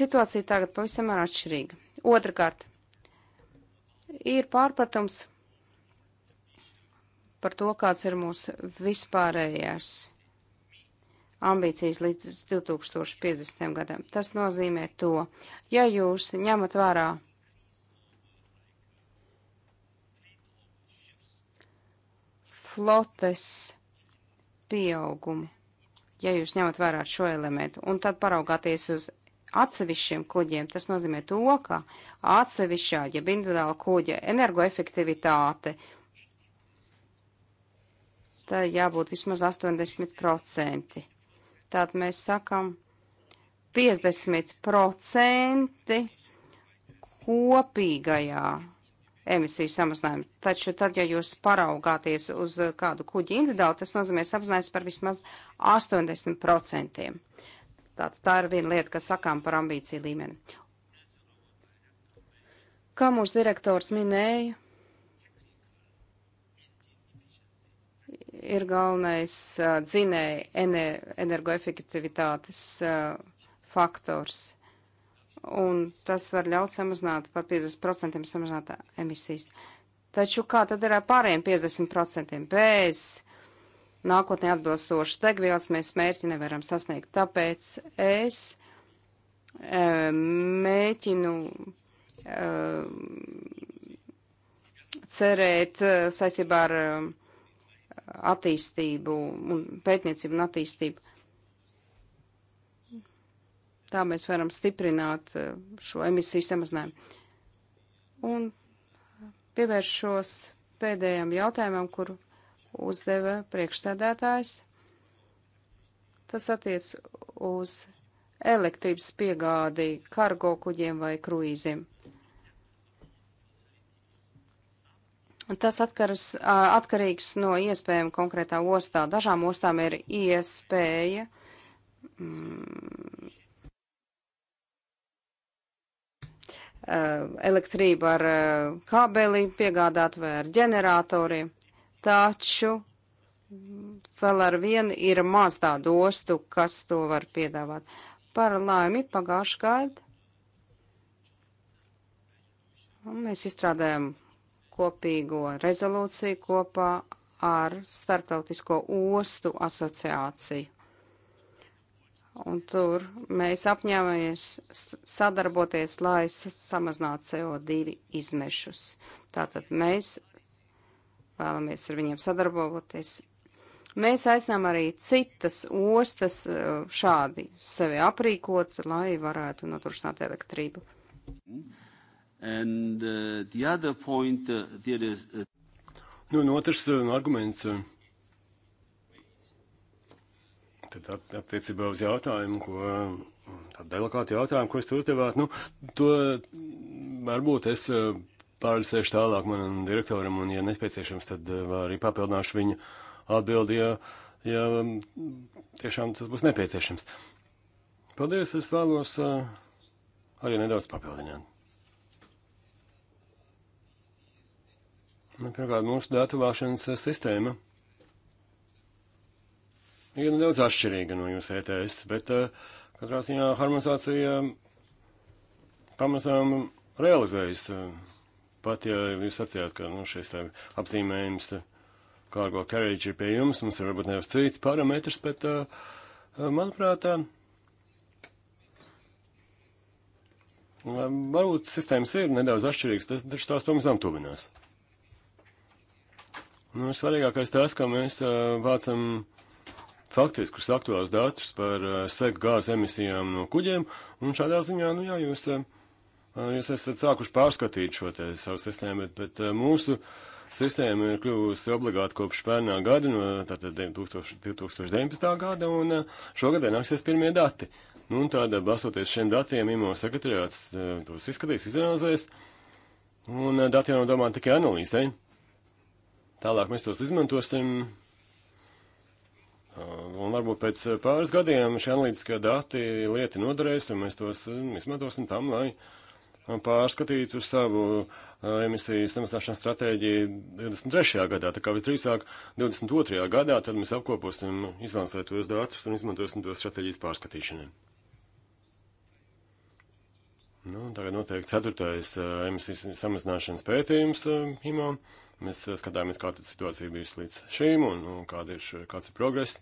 Situācija tagad pavisam ir atšķirīga. Otrakārt, ir pārpratums par to, kāds ir mūsu vispārējais ambīcijas līdz 2050. gadam. Tas nozīmē to, ja jūs ņemat vērā flotes pieaugumu, ja jūs ņemat vērā šo elementu, un tad paraugāties uz atsevišķiem kuģiem, tas nozīmē to, ka atsevišķā, ja individuāla kuģa energoefektivitāte, tā jābūt vismaz 80%. Tātad mēs sakam 50% kopīgajā emisiju samazinājumu. Taču tad, ja jūs paraugāties uz kādu kuģi individuāli, tas nozīmē samazinājums par vismaz 80%. Tātad tā ir viena lieta, kas sakām par ambīciju līmeni. Kā mūsu direktors minēja, ir galvenais uh, dzinēja ener energoefektivitātes uh, faktors. Un tas var ļaut samazināt par 50% samazināt emisijas. Taču kā tad ir ar pārējiem 50% bez nākotnē atbilstošas degvielas mēs mērķi nevaram sasniegt. Tāpēc es uh, mēķinu uh, cerēt uh, saistībā ar uh, attīstību un pētniecību un attīstību. Tā mēs varam stiprināt eh, šo emisiju samazinājumu. Un pievēršos pēdējam jautājumam, kur uzdeva priekšsēdētājs. Tas attiec uz elektrības piegādi kargo kuģiem vai kruīziem. Tas atkars, atkarīgs no iespējām konkrētā ostā. Dažām ostām ir iespēja. Mm, elektrību ar kabeli piegādāt vai ar ģeneratoriem, taču mm, vēl ar vienu ir maz tādu ostu, kas to var piedāvāt. Par laimi pagājušajā gadā mēs izstrādājam kopīgo rezolūciju kopā ar Startautisko ostu asociāciju. Un tur mēs apņēmamies sadarboties, lai samazinātu CO2 izmešus. Tātad mēs vēlamies ar viņiem sadarboties. Mēs aicinām arī citas ostas e, šādi sevi aprīkot, lai varētu noturšināt elektrību. Mm. And uh, the other point, uh, there is... Uh, nu, un otrs uh, arguments. Uh, tad at, attiecībā uz jautājumu, ko... Uh, tādu delikātu jautājumu, ko es te uzdevāt, nu, to mm, varbūt es uh, pārlisēšu tālāk manam direktoram, un, ja nepieciešams, tad uh, arī papildināšu viņa atbildi, ja, ja mm, tiešām tas būs nepieciešams. Paldies, es vēlos uh, arī nedaudz papildināt. Pirmkārt, mūsu datu vākšanas sistēma ir nedaudz nu atšķirīga no jūsu ETS, bet eh, katrā ziņā harmonizācija eh, pamazām realizējas. Eh, pat ja jūs sacījāt, ka nu, šis apzīmējums cargo carriage ir pie jums, mums ir varbūt nevis cits parametrs, bet manuprāt, varbūt sistēmas ir nedaudz atšķirīgas, taču tās pamazām tuvinās. Nu, svarīgākais tas, ka mēs uh, vācam faktiskus aktuālus datus par uh, segu gāzu emisijām no kuģiem, un šādā ziņā, nu jā, jūs, uh, jūs esat sākuši pārskatīt šo te savu sistēmu, bet, bet uh, mūsu sistēma ir kļuvusi obligāti kopš pērnā gada, no tātad 2019. gada, un uh, šogad nāksies pirmie dati. Nu, un tādā, balstoties šiem datiem, IMO sekretariāts uh, tos izskatīs, izanalizēs, un uh, dati jau nav domāti tikai analīzei. Eh? Tālāk mēs tos izmantosim. Uh, un varbūt pēc pāris gadiem šie analītiskie dati lieti noderēs, un mēs tos uh, izmantosim tam, lai uh, pārskatītu savu emisiju samazināšanas stratēģiju 23. gadā. Tā kā visdrīzāk 22. gadā tad mēs apkoposim izlansētos datus un izmantosim tos stratēģijas pārskatīšanai. Nu, tagad noteikti ceturtais emisijas samazināšanas pētījums imam. Uh, Mēs eh, skatāmies, kāda ir situācija bijusi līdz šim un, un kāda ir, kāds ir progress.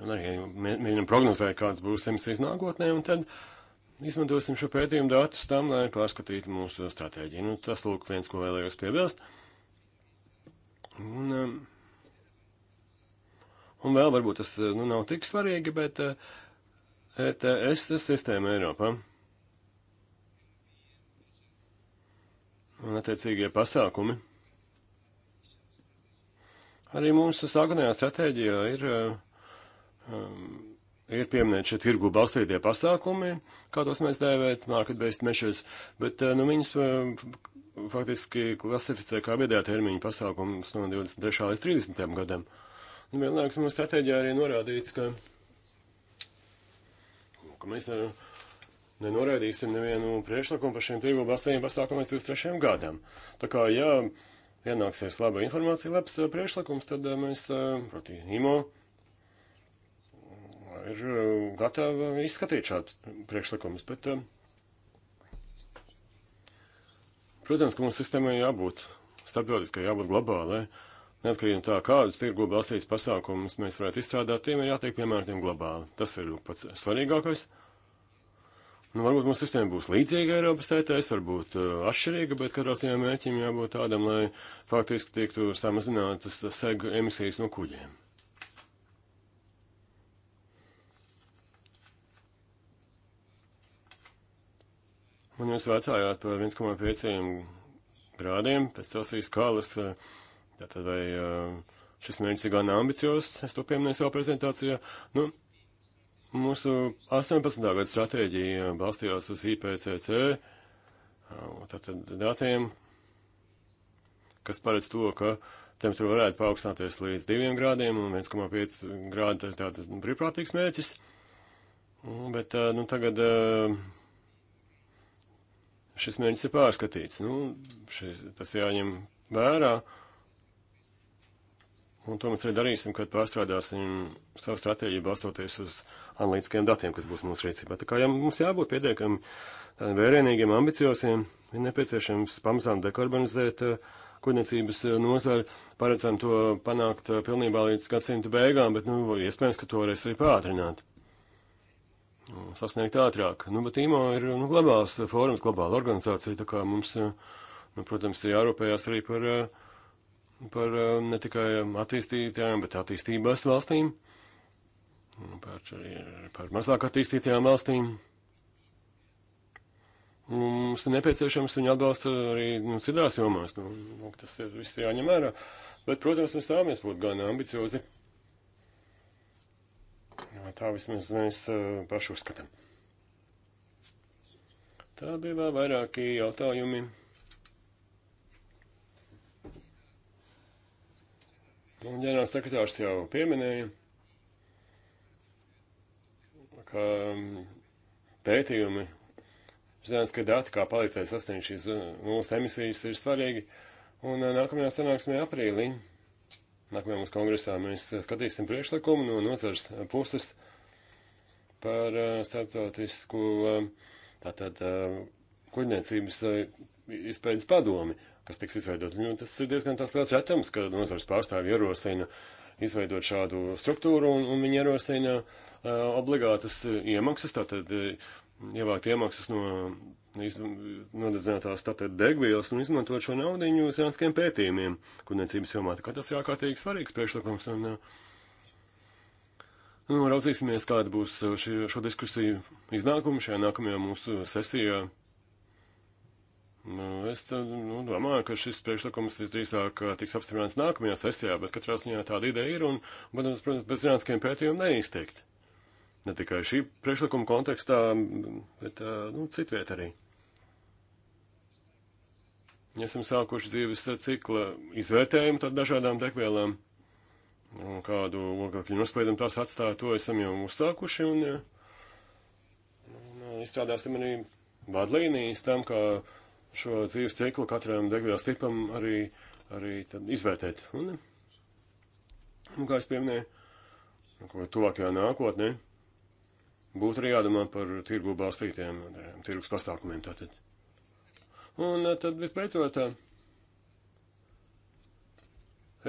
Un arī mēģinam prognozēt, kāds būs emisijas nākotnē, un tad izmantosim šo pētījumu datus tam, lai pārskatītu mūsu stratēģiju. Nu, tas, lūk, viens, ko vēlējos piebilst. Un, um, Un vēl varbūt tas eh, nu, nav tik svarīgi, bet ETS eh, e sistēma Eiropā. un attiecīgie pasākumi. Arī mūsu sākotnējā stratēģijā ir, eh, um, ir pieminēti šie tirgu balstītie pasākumi, kā tos mēs dēvēt, market-based measures, bet eh, nu, viņus eh, faktiski klasificē kā vidējā termiņa pasākumus no 23. līdz 30. gadam. Un vienlaikus mūsu stratēģijā arī norādīts, ka, ka mēs. Uh, nenoraidīsim nevienu priekšlikumu par šiem tirgu balstījumu pasākumiem 23. gadam. Tā kā, ja ienāksies laba informācija, labs eh, priekšlikums, tad eh, mēs, eh, proti, IMO ir gatava izskatīt šādu priekšlikumus, bet, protams, ka mums sistēmai jābūt starptautiskai, jābūt globālai. Neatkarīgi no tā, kādus tirgu balstītas pasākumus mēs varētu izstrādāt, tiem ir jātiek piemērotiem globāli. Tas ir pats svarīgākais. Nu, varbūt mūsu sistēma būs līdzīga Eiropas tētājs, varbūt uh, atšķirīga, bet katrā ziņā mēķim jābūt tādam, lai faktiski tiektu samazinātas segu emisijas no kuģiem. Un jūs vecājāt par 1,5 grādiem pēc Celsijas skalas, uh, tātad vai uh, šis mērķis ir gan ambiciozs, es to pieminēju savā prezentācijā. Nu, Mūsu 18. gada stratēģija balstījās uz IPCC, tātad datiem, kas paredz to, ka temperatūra varētu paaugstināties līdz 2 grādiem un 1,5 grādi ir tāds brīvprātīgs mērķis. Bet nu, tagad šis mērķis ir pārskatīts. Nu, šis, tas jāņem vērā. Uh, Un to mēs arī darīsim, kad pārstrādāsim savu stratēģiju balstoties uz analītiskajiem datiem, kas būs mūsu rīcībā. Tā kā jā, mums jābūt pietiekami tādiem vērienīgiem, ambicioziem, ir nepieciešams pamazām dekarbonizēt eh, kuģniecības eh, nozari, paredzam to panākt eh, pilnībā līdz gadsimta beigām, bet, nu, iespējams, ka to varēs arī pātrināt. Sasniegt ātrāk. Nu, bet IMO ir nu, globāls fórums, globāla organizācija, tā kā mums, nu, protams, ir jārūpējās arī par uh, par um, ne tikai attīstītajām, bet attīstības valstīm, par, par mazāk attīstītajām valstīm. Mums ir nepieciešams viņu atbalsts arī nu, citās jomās. Nu, nu, tas ir viss jāņem vērā. Bet, protams, mēs stāvamies būt gan ambiciozi. Tā vismaz mēs uh, paši uzskatām. Tā bija vēl vairāki jautājumi. Un ģenerāls sekretārs jau pieminēja, ka um, pētījumi, zināms, ka dati, kā palīdzēja sasniegt šīs uh, mūsu emisijas, ir svarīgi. Un uh, nākamajā sanāksmē aprīlī, nākamajā mūsu kongresā, mēs uh, skatīsim priekšlikumu no nozars puses par starptautisku um, tātad kuģniecības izpējas padomi kas tiks izveidot. Nu, tas ir diezgan tāds liels retums, ka nozars pārstāvi ierosina izveidot šādu struktūru un, un viņi ierosina uh, obligātas eh, iemaksas, tātad eh, ievākt iemaksas no nodedzinātās tātad degvielas un izmantot šo naudiņu zinātniskiem pētījumiem, kurniecības jomā. Tā kā tas ir ārkārtīgi svarīgs priekšlikums. Un, nu, raudzīsimies, kāda būs šī, šo diskusiju iznākuma šajā nākamajā mūsu sesijā Nu, es nu, domāju, ka šis priekšlikums visdrīzāk uh, tiks apstiprināts nākamajā sesijā, bet katrā ziņā tāda ideja ir un, protams, protams bez zinātniskiem pētījumiem neiztikt. Ne tikai šī priekšlikuma kontekstā, bet uh, nu, citviet arī. Esam sākuši dzīves uh, cikla izvērtējumu tad dažādām degvielām. Un kādu oglekļu nospiedumu tās atstāja, to esam jau uzsākuši un, un, un izstrādāsim arī vadlīnijas tam, ka šo dzīves ciklu katram degvielas tipam arī, arī izvērtēt. Un, un kā es pieminēju, nu, tuvākajā nākotnē būtu arī jādomā par tirgu balstītiem eh, tirgus pasākumiem. Tātad. Un eh, tad visbeidzot,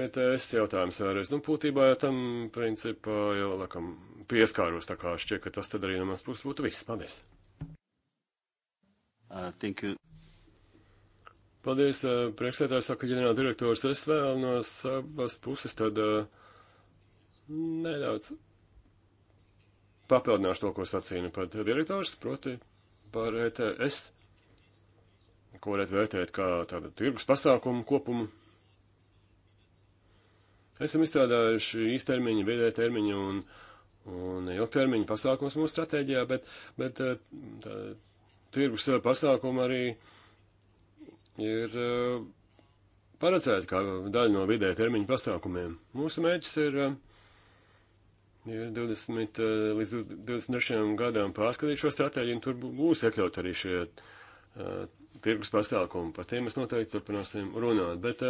ETS eh, e jautājums vēlreiz. Nu, būtībā jau tam principā jau laikam pieskāros, tā kā šķiet, ka tas tad arī no mans puses būtu viss. Paldies! Uh, thank you. Paldies, priekšsēdājs saka ģenerāla direktors. Es vēl no savas puses tad nedaudz papildināšu to, ko sacīnu pat direktors, proti par ETS, ko varētu vērtēt kā tādu tirgus pasākumu kopumu. Esam izstrādājuši īstermiņa, vidē termiņa un, un ilgtermiņa pasākums mūsu stratēģijā, bet, bet tā, tirgus pasākumu arī uh, ir eh, paredzēti kā daļa no vidē termiņa pasākumiem. Mūsu mērķis ir, eh, ir 20 eh, līdz 23 gadām pārskatīt šo stratēģiju, un tur būs iekļaut arī šie uh, tirgus pasākumi. Par tiem mēs noteikti turpināsim runāt, bet, uh,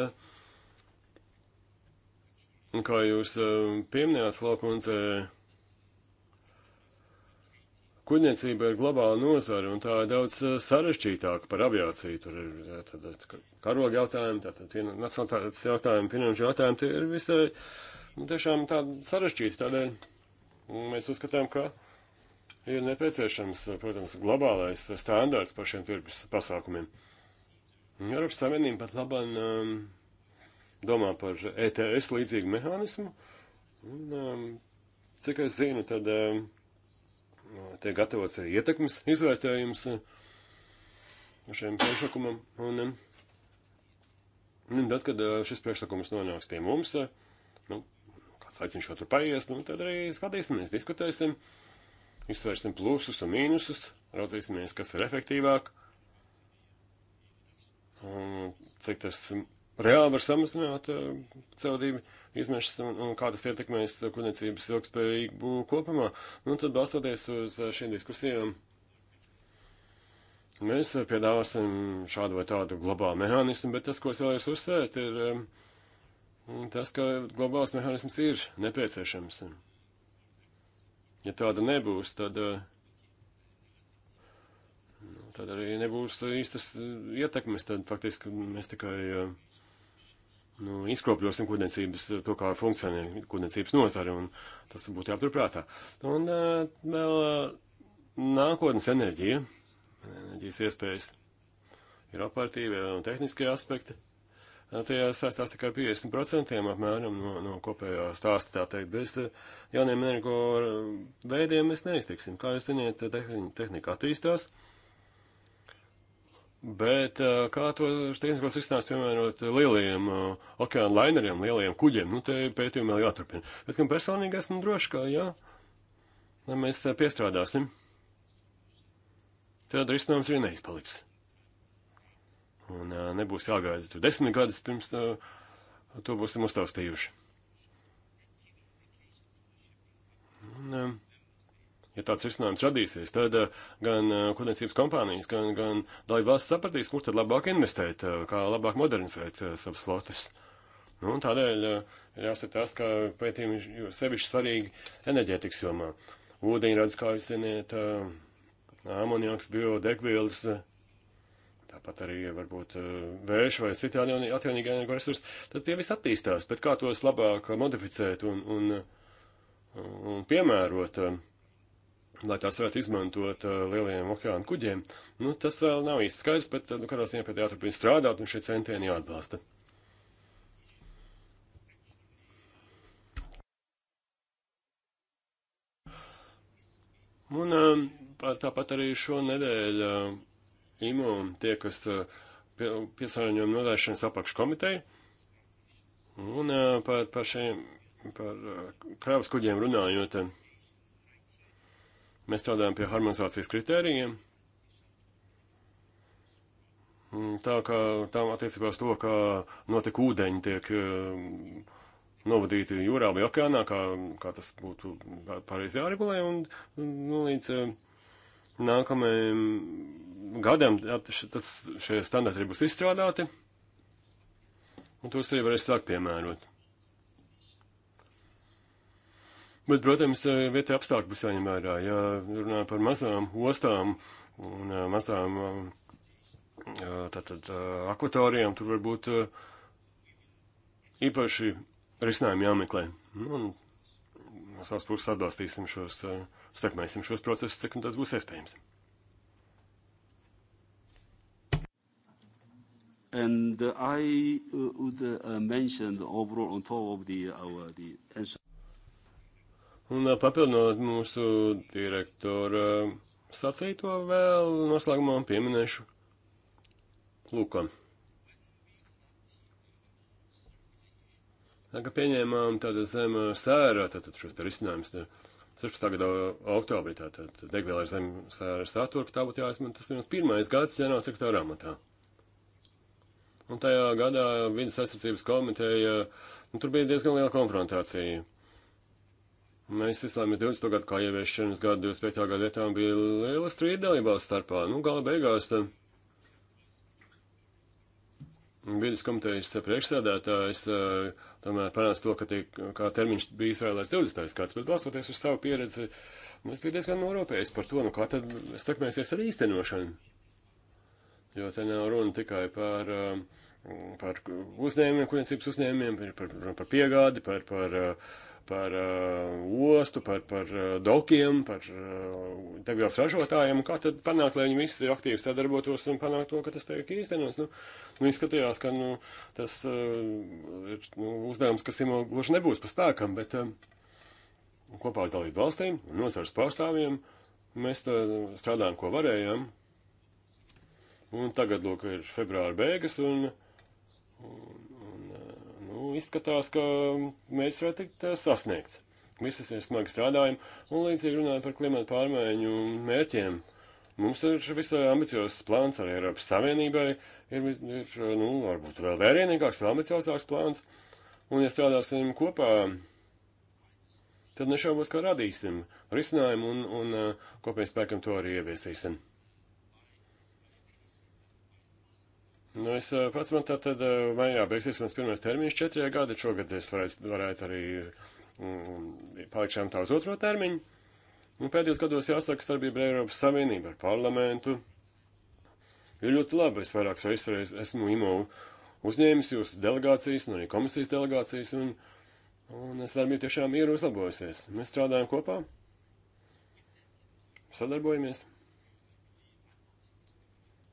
kā jūs uh, pieminējāt, Flokundze, uh, Kuģniecība ir globāla nozara, un tā ir daudz eh, sarežģītāka par aviāciju. Tur ir tātad, eh, eh, karoga jautājumi, tātad nacionālitātes jautājumi, finanšu jautājumi. Tie ir visai nu, tiešām tādi sarežģīti. Tādēļ mēs uzskatām, ka ir nepieciešams, protams, globālais standārts par šiem tirgus pasākumiem. Eiropas Savienība pat labam um, domā par ETS līdzīgu mehānismu. Un, um, cik es zinu, tad. Um, tiek gatavots arī ietekmes izvērtējums eh, šiem priekšlikumam. Un, eh, un tad, kad eh, šis priekšlikums nonāks pie mums, nu, kāds aicina šo tur paiest, nu, tad arī skatīsimies, diskutēsim, izsvērsim plusus un mīnusus, raudzīsimies, kas ir efektīvāk, un cik tas reāli var samazināt CO2 izmešas un, un kā tas ietekmēs kuģniecības ilgspējību kopumā. Nu, tad balstoties uz eh, šīm diskusijām, mēs eh, piedāvāsim šādu vai tādu globālu mehānismu, bet tas, ko es vēlējos uzsvērt, ir eh, tas, ka globāls mehānisms ir nepieciešams. Ja tāda nebūs, tad, nu, tad arī nebūs īstas ietekmes. Tad faktiski mēs tikai uh, nu, izkropļosim kūdniecības, to kā funkcionē kūdniecības nozare, un tas būtu jāpaturprātā. Un uh, vēl uh, nākotnes enerģija, enerģijas iespējas ir operatīvie un tehniskie aspekti. Eh, tie saistās tikai 50% apmēram no, no kopējā stāsta, tā teikt, bez jauniem energo veidiem mēs neiztiksim. Kā jūs ziniet, tehnika attīstās. Uh, Bet kā to tehniskos risinājums piemērot lielajiem uh, okeāna laineriem, lielajiem kuģiem, nu te pētījumi vēl jāturpina. Es gan personīgi esmu droši, ka jā, lai mēs piestrādāsim, tad risinājums arī neizpaliks. Un uh, nebūs jāgaida tur desmit gadus pirms uh, to būsim uztaustījuši. Un, uh, Ja tāds risinājums radīsies, tad eh, gan eh, kuģniecības kompānijas, gan, gan dalībvalsts sapratīs, kur tad labāk investēt, eh, kā labāk modernizēt savas flotes. Nu, tādēļ ir jāsaka tas, ka pētījumi sevišķi svarīgi enerģētikas jomā. Ūdeņrads, kā jūs zināt, amoniaks, biodegvielas, tāpat arī varbūt vējš vai citi atjaunīgi energoresursi, tad tie viss attīstās, bet kā tos labāk modificēt un, un, un piemērot. Uh, lai tās varētu izmantot uh, lielajiem okeāna kuģiem. Nu, tas vēl nav īsti skaidrs, bet uh, nu, kādā ziņā pēc jāturpina strādāt un šie centieni jāatbalsta. Un uh, tāpat arī šonedēļ uh, IMO tiekas uh, pie, piesārņojuma novēršanas apakškomiteja. Un uh, par, par šiem, par uh, kravas kuģiem runājot, Mēs strādājam pie harmonizācijas kritērijiem. Mm, tā kā tām attiecībā uz to, kā notiek ūdeņi, tiek eh, novadīti jūrā vai okeānā, kā, kā tas būtu pareizi jāregulē, un nu, līdz eh, nākamajam gadam tas, šie standarti būs izstrādāti, un tos arī varēs sākt piemērot. Bet, protams, eh, vietējā apstākļi būs jāņem vērā. Ja runājam par mazām ostām un eh, mazām eh, tātad, akvatorijām, tur varbūt īpaši risinājumi jāmeklē. Nu, un no savas puses atbalstīsim šos, sekmēsim šos procesus, cik tas būs iespējams. And I uh, would uh, mention overall on top of the, our, the answer. Un papildinot mūsu direktora sacīto vēl noslēgumā pieminēšu Lukam. Tā kā pieņēmām tādu zem sērā, tātad šos te risinājumus, 16. gada oktobrī, tātad degvielā ir zem sēra satura, ka tā būtu jāizmanto, tas ir viens pirmais gads ģenerāls sektora amatā. Un tajā gadā vidas aizsardzības komiteja, nu, tur bija diezgan liela konfrontācija. Mēs izslēgāmies 20. gadu kā ieviešanas gadu, 25. gadu vietā bija liela strīda dalībās starpā. Nu, gala beigās tad vidas komitejas priekšsēdētājs eh, tomēr panāca to, ka tiek, kā termiņš bija Izraēlēts 20. gads, bet balstoties uz savu pieredzi, es biju diezgan norūpējis par to, nu kā tad sakmēsies ar īstenošanu. Jo te nav runa tikai par, eh, par uzņēmumiem, kuģniecības uzņēmumiem, par, par, par piegādi, par, par uh, par uh, ostu, par, par uh, dokiem, par uh, degvielas ražotājiem, kā tad panākt, lai viņi visi aktīvi sadarbotos un panākt to, ka tas tiek īstenots. Nu, viņi nu, skatījās, ka nu, tas uh, ir nu, uzdevums, kas simul gluži nebūs pa spēkam, bet um, kopā ar dalību valstīm un nozares pārstāvjiem mēs uh, strādājam, ko varējām. Un tagad, lūk, ir februāra beigas un, un izskatās, ka mērķis var tikt eh, sasniegts. Visas ir smagi strādājumi, un līdzīgi runājot par klimatu pārmaiņu mērķiem. Mums ir visai ambiciozs plāns arī Eiropas Savienībai, ir, ir nu, varbūt vēl vērienīgāks, vēl ambiciozāks plāns, un ja strādāsim kopā, tad nešaubos, ka radīsim risinājumu un, un eh, kopējiem spēkiem to arī ieviesīsim. Nu, es eh, pats man tā tad, vai eh, jā, beigsies mans pirmais termiņš četrajā gada, šogad es varētu, varētu arī mm, pārišķēm tā uz otro termiņu. Un pēdējos gados jāsaka starpība Eiropas Savienība ar parlamentu. Ir ļoti labi, es vairākas reizes esmu IMO uzņēmis jūsu delegācijas un arī komisijas delegācijas, un, un es darbību tiešām ir uzlabojusies. Mēs strādājam kopā, sadarbojamies.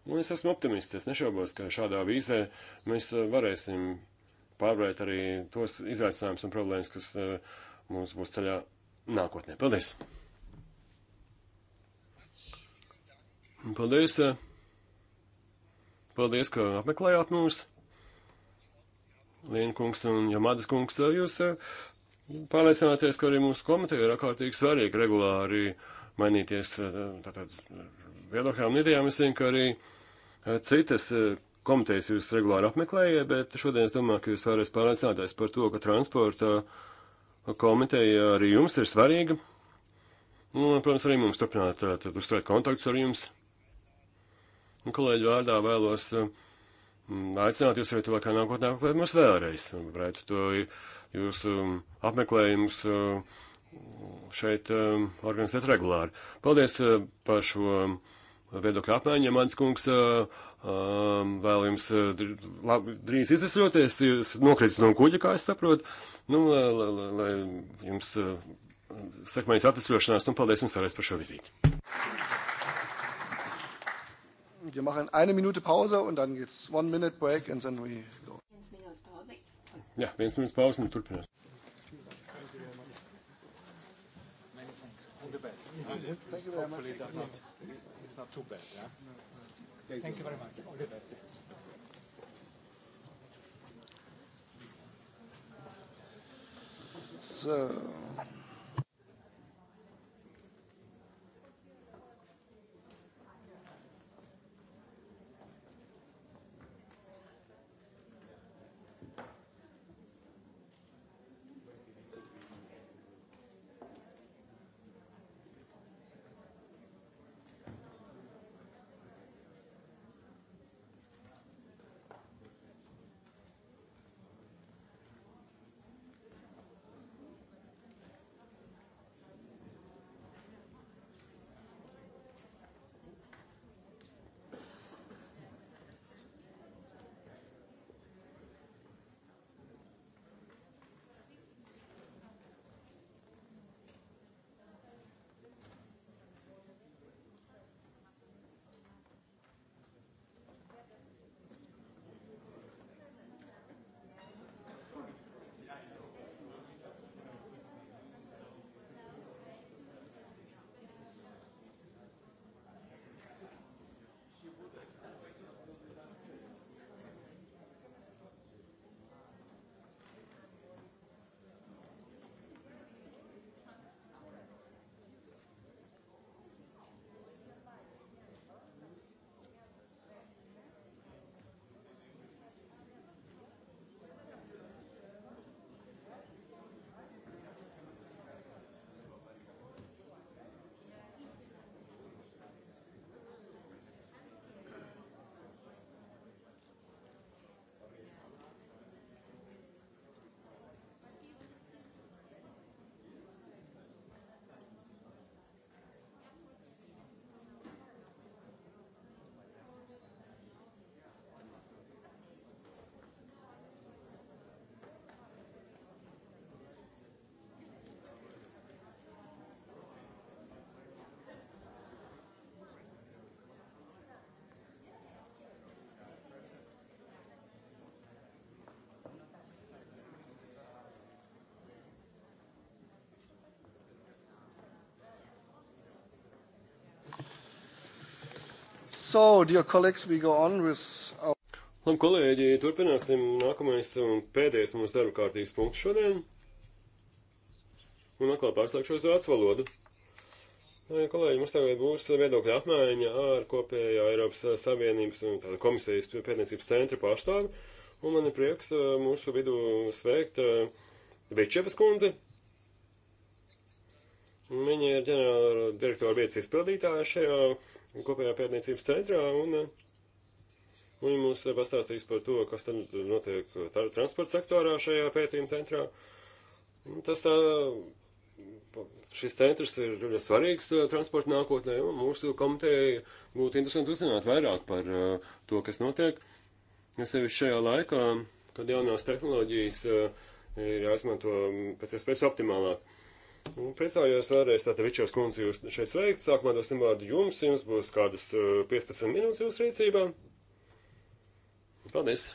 Un nu, es esmu optimists, es nešaubos, ka šādā vīzē mēs eh, varēsim pārvarēt arī tos izaicinājumus un problēmas, kas eh, mums būs ceļā nākotnē. Paldies! Paldies! Eh, paldies, ka apmeklējāt mūs! Lienu kungs un Jamadas kungs, jūs pārliecināties, ka arī mūsu komiteja ir ārkārtīgi svarīgi regulāri mainīties tātad, viedokļām un idejām. Es zinu, ka arī eh, citas eh, komitejas jūs regulāri apmeklējat, bet šodien es domāju, ka jūs vairāk pārliecināties par to, ka transporta komiteja arī jums ir svarīga. Nu, un, protams, arī mums turpināt eh, tad, uzturēt kontaktus ar jums. Un kolēģi vārdā vēlos aicināt jūs arī tuvākā nākotnē apmeklēt mūs vēlreiz. Varētu to jūsu apmeklējumus šeit organizēt regulāri. Paldies par šo viedokļu apmaiņa, mans kungs, vēl jums labi, drīz izvesļoties, jūs nokritis no kuģa, kā es saprotu. Nu, lai, lai, lai jums sekmējas atvesļošanās, un nu, paldies jums vēlreiz par šo vizīti. Wir machen eine Minute Pause und dann geht's one minute break and then we go. Ja, viens minūtes pauze un turpinās. Thank you very much. Hopefully that's not not too bad. Yeah? No, no. Thank you very much. All the best. So. So, dear colleagues, we go on with our... Labi, kolēģi, turpināsim nākamais un pēdējais mūsu darba kārtības punkts šodien. Un atkal pārslēgšos vācu valodu. Labi, kolēģi, mums tagad būs viedokļa apmaiņa ar kopējā Eiropas Savienības un tāda komisijas pētniecības centra pārstāvi. Un man ir prieks eh, mūsu vidū sveikt Bičevas eh, kundzi, Viņa ir ģenerāla direktora vietas izpildītāja šajā kopējā pētniecības centrā, un uh, viņi mums uh, pastāstīs par to, kas tad notiek transporta sektorā šajā pētījuma centrā. Un tas tā, šis centrs ir ļoti svarīgs uh, transporta nākotnē, un mūsu komiteja būtu interesanti uzzināt vairāk par to, kas notiek. Jo sevišķi šajā laikā, kad jaunās tehnoloģijas ir jāizmanto pēc iespējas optimālāk. Un priecājos vēlreiz, tātad Vičos kundze jūs šeit sveikt. Sākumā dosim vārdu jums, jums būs kādas 15 eh, minūtes jūsu rīcībā. Paldies!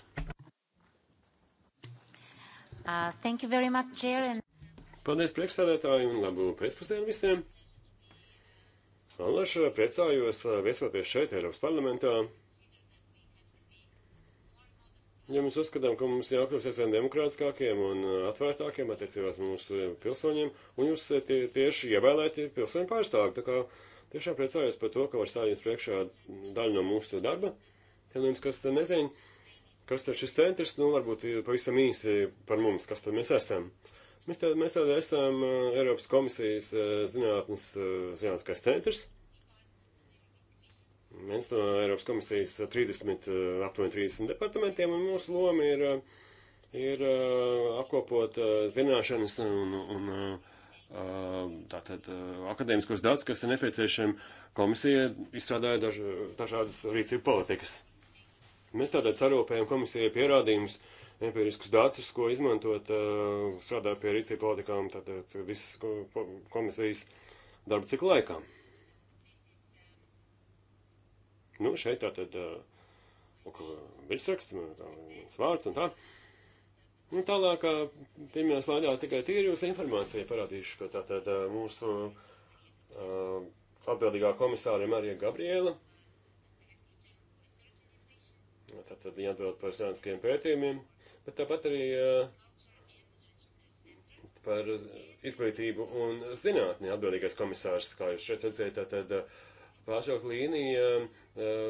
Uh, thank you very much, Chair. And... Paldies priekšsēdētāji un labu pēcpusdienu visiem. Allaž priecājos eh, viesoties šeit Eiropas parlamentā. Ja mēs uzskatām, ka mums jākļūst aizvien demokrātiskākiem un uh, atvērtākiem attiecībās mūsu uh, pilsoņiem, un jūs esat uh, tie, tieši ievēlēti pilsoņu pārstāvi, tā kā tiešām priecājos par to, ka var stādīt priekšā daļu no mūsu darba. Ja nu jums kas nezina, kas tad šis centrs, nu varbūt pavisam īsi par mums, kas tad mēs esam. Mēs tad, mēs tad esam Eiropas komisijas zinātnes zinātniskais centrs. Mēs no Eiropas komisijas 30, aptuveni 30 departamentiem, un mūsu loma ir, ir uh, apkopot uh, zināšanas un, un, un uh, tātad akadēmiskos datus, kas ir nepieciešami komisija, izstrādāja daž, dažādas rīcību politikas. Mēs tātad sarūpējam komisijai pierādījumus, empiriskus datus, ko izmantot, strādājot pie rīcību politikām, tātad visas komisijas darba cikla laikām. Nu, šeit tā tad virsraksts, mans nu, vārds un tā. Un nu, tālāk, pirmajā slaidā tikai tīri jūsu informācija parādīšu, ka tā tad mūsu uh, atbildīgā komisāra ir Marija Gabriela. Nu, tātad viņa atbild par zinātniskiem pētījumiem, bet tāpat arī uh, par izglītību un zinātni atbildīgais komisārs, kā jūs šeit redzējat, tātad uh, pārtraukt līniju. Eh,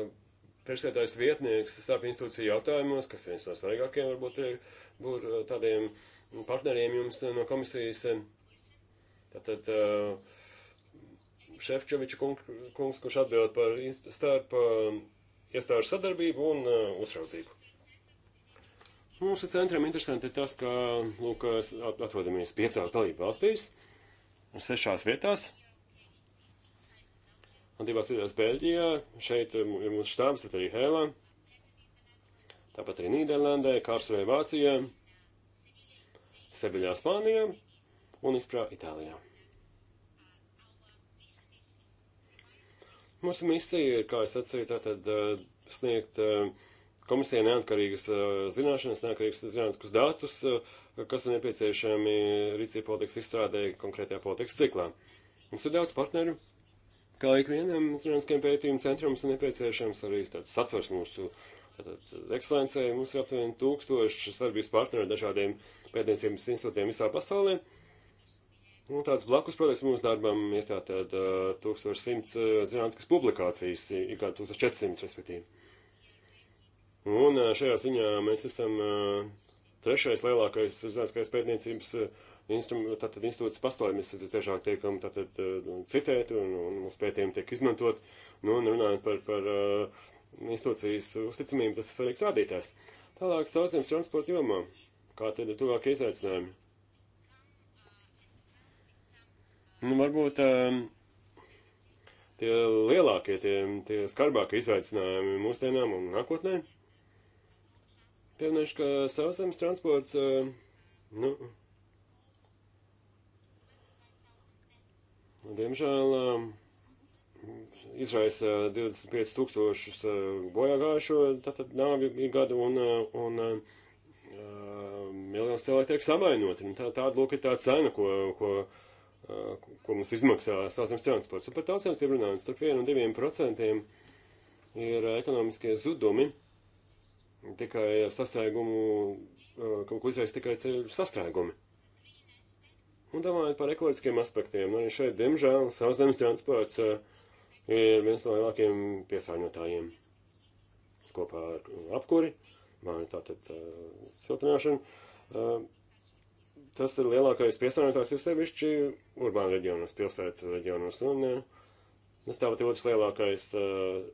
Priekšsēdājas vietnieks starp institūciju jautājumos, kas viens no svarīgākajiem varbūt būtu eh, tādiem partneriem jums eh, no komisijas. Tātad Šefčoviča kungs, kurš atbild par starp iestāžu sadarbību un uzraudzību. Mūsu centram interesanti ir tas, ka lūk, atrodamies piecās dalību valstīs, sešās vietās. Un divās vietās Beļģijā, šeit ir um, mūsu štābs, tad arī Hēlā, tāpat arī Nīderlandē, Kārsvē, Vācijā, Sebeļā, Spānijā un Isprā, Itālijā. Mūsu misija ir, kā es atsīju, tātad uh, sniegt uh, komisijai neatkarīgas uh, zināšanas, neatkarīgas zinātniskus datus, kas ir nepieciešami rīcība politikas izstrādē konkrētajā politikas ciklā. Mums ir daudz partneru, Kā ikvienam zinātniskiem pētījumu centram ir nepieciešams arī tāds satvers mūsu ekscelencei. Mums ir aptuveni tūkstoši sadarbības partneri ar dažādiem pētniecības institūtiem visā pasaulē. Un tāds blakus, protams, mūsu darbam ir tātad 1100 zinātniskas publikācijas, ir kā 1400, respektīvi. Un šajā ziņā mēs esam trešais lielākais zinātniskais pētniecības institūts instru, tātad institūts pasaulē, mēs tiešām tiekam um, tātad uh, citēti un, un mūsu pētījumi tiek izmantot. Nu, un runājot par, par uh, institūcijas uzticamību, tas ir svarīgs rādītājs. Tālāk sauszemes transporta jomā. Kā tad ir tuvākie izaicinājumi? Nu, varbūt um, tie lielākie, tie, tie skarbākie izaicinājumi mūsdienām un nākotnē. Pieminēšu, ka sauszemes transports, uh, nu, diemžēl, eh, izraisa 25 tūkstošus eh, bojāgājušo, tātad nāvi gadu un, eh, un, un miljonus cilvēku tiek savainoti. Nu, tā, tāda lūk ir tā cena, ko, ko, ko mums izmaksā sāsums transports. Un par tautsēms ir runājums, starp 1 un 2 procentiem ir ekonomiskie zudumi, tikai sastrēgumu, kaut ko izraisa tikai ceļu sastrēgumi. Un domājot par ekoloģiskiem aspektiem, arī šeit, diemžēl, sauszemes transports eh, ir viens no lielākajiem piesārņotājiem kopā ar apkuri, vai tātad uh, siltināšanu. Uh, tas ir lielākais piesārņotājs jau sevišķi urbāna reģionos, pilsētu reģionos, un uh, tas tāpat ir otrs lielākais uh,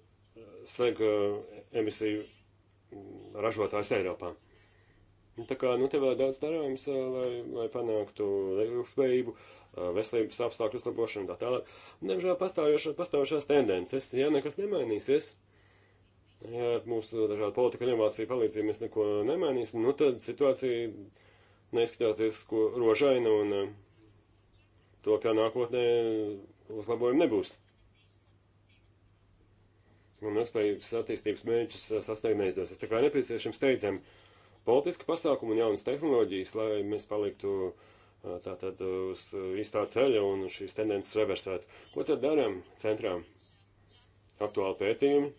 seg uh, emisiju ražotājs Eiropā. Nu, tā kā, nu, te vēl daudz darāms, eh, lai, lai panāktu ilgspējību, eh, veselības apstākļu uzlabošanu un tā tālāk. Nu, diemžēl pastāvošās tendences, ja nekas nemainīsies, ja mūsu dažādu politiku inovāciju palīdzību mēs neko nemainīsim, nu, tad situācija neizskatāsies, ko rožaina un eh, to, kā nākotnē uzlabojumi nebūs. Un ilgspējības attīstības mērķus sasniegt neizdosies. Tā kā nepieciešams steidzami politiski pasākumi un jaunas tehnoloģijas, lai mēs paliktu tātad uz īstā ceļa un šīs tendences reversētu. Ko tad darām centrām? Aktuāli pētījumi.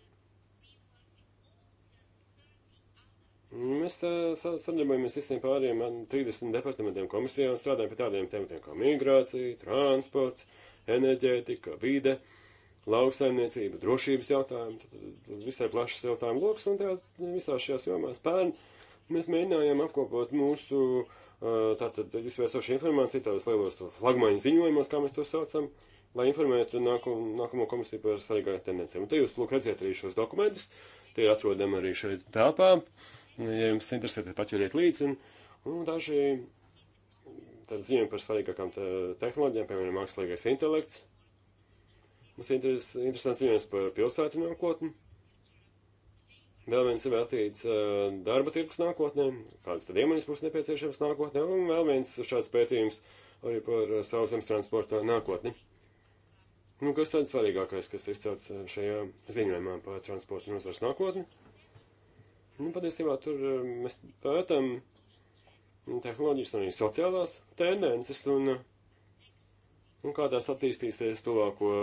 Mēs sadarbojamies visiem pāriem 30 departamentiem komisijā un strādājam pie tādiem tematiem kā migrācija, transports, enerģētika, vide, lauksaimniecība, drošības jautājumi, visai plašs jautājumu lokus un tajās visās šajās jomās pērni Mēs mēģinājām apkopot mūsu tātad izvērsošu informāciju, tādos lielos flagmaņu ziņojumos, kā mēs to saucam, lai informētu nākamo, nākamo komisiju par svarīgām tendencēm. Un te jūs, lūk, redziet arī šos dokumentus, tie ir atrodami arī šeit telpā. Ja jums interesē, tad paķeriet līdzi. Un, un daži tad ziņojumi par svarīgākām te tehnoloģijām, piemēram, mākslīgais intelekts. Mums ir interes, interesants ziņojums par pilsētu nākotni. Vēl viens ir veltīts uh, darba tirkus nākotnē, kādas tad iemaņas būs nepieciešams nākotnē, un vēl viens šāds pētījums arī par uh, sauszemes transporta nākotni. Nu, kas tad svarīgākais, kas ir izcelts šajā ziņojumā par transporta nozars nākotni? Nu, patiesībā tur uh, mēs pētam tehnoloģijas un arī sociālās tendences un, un kā tās attīstīsies tuvāko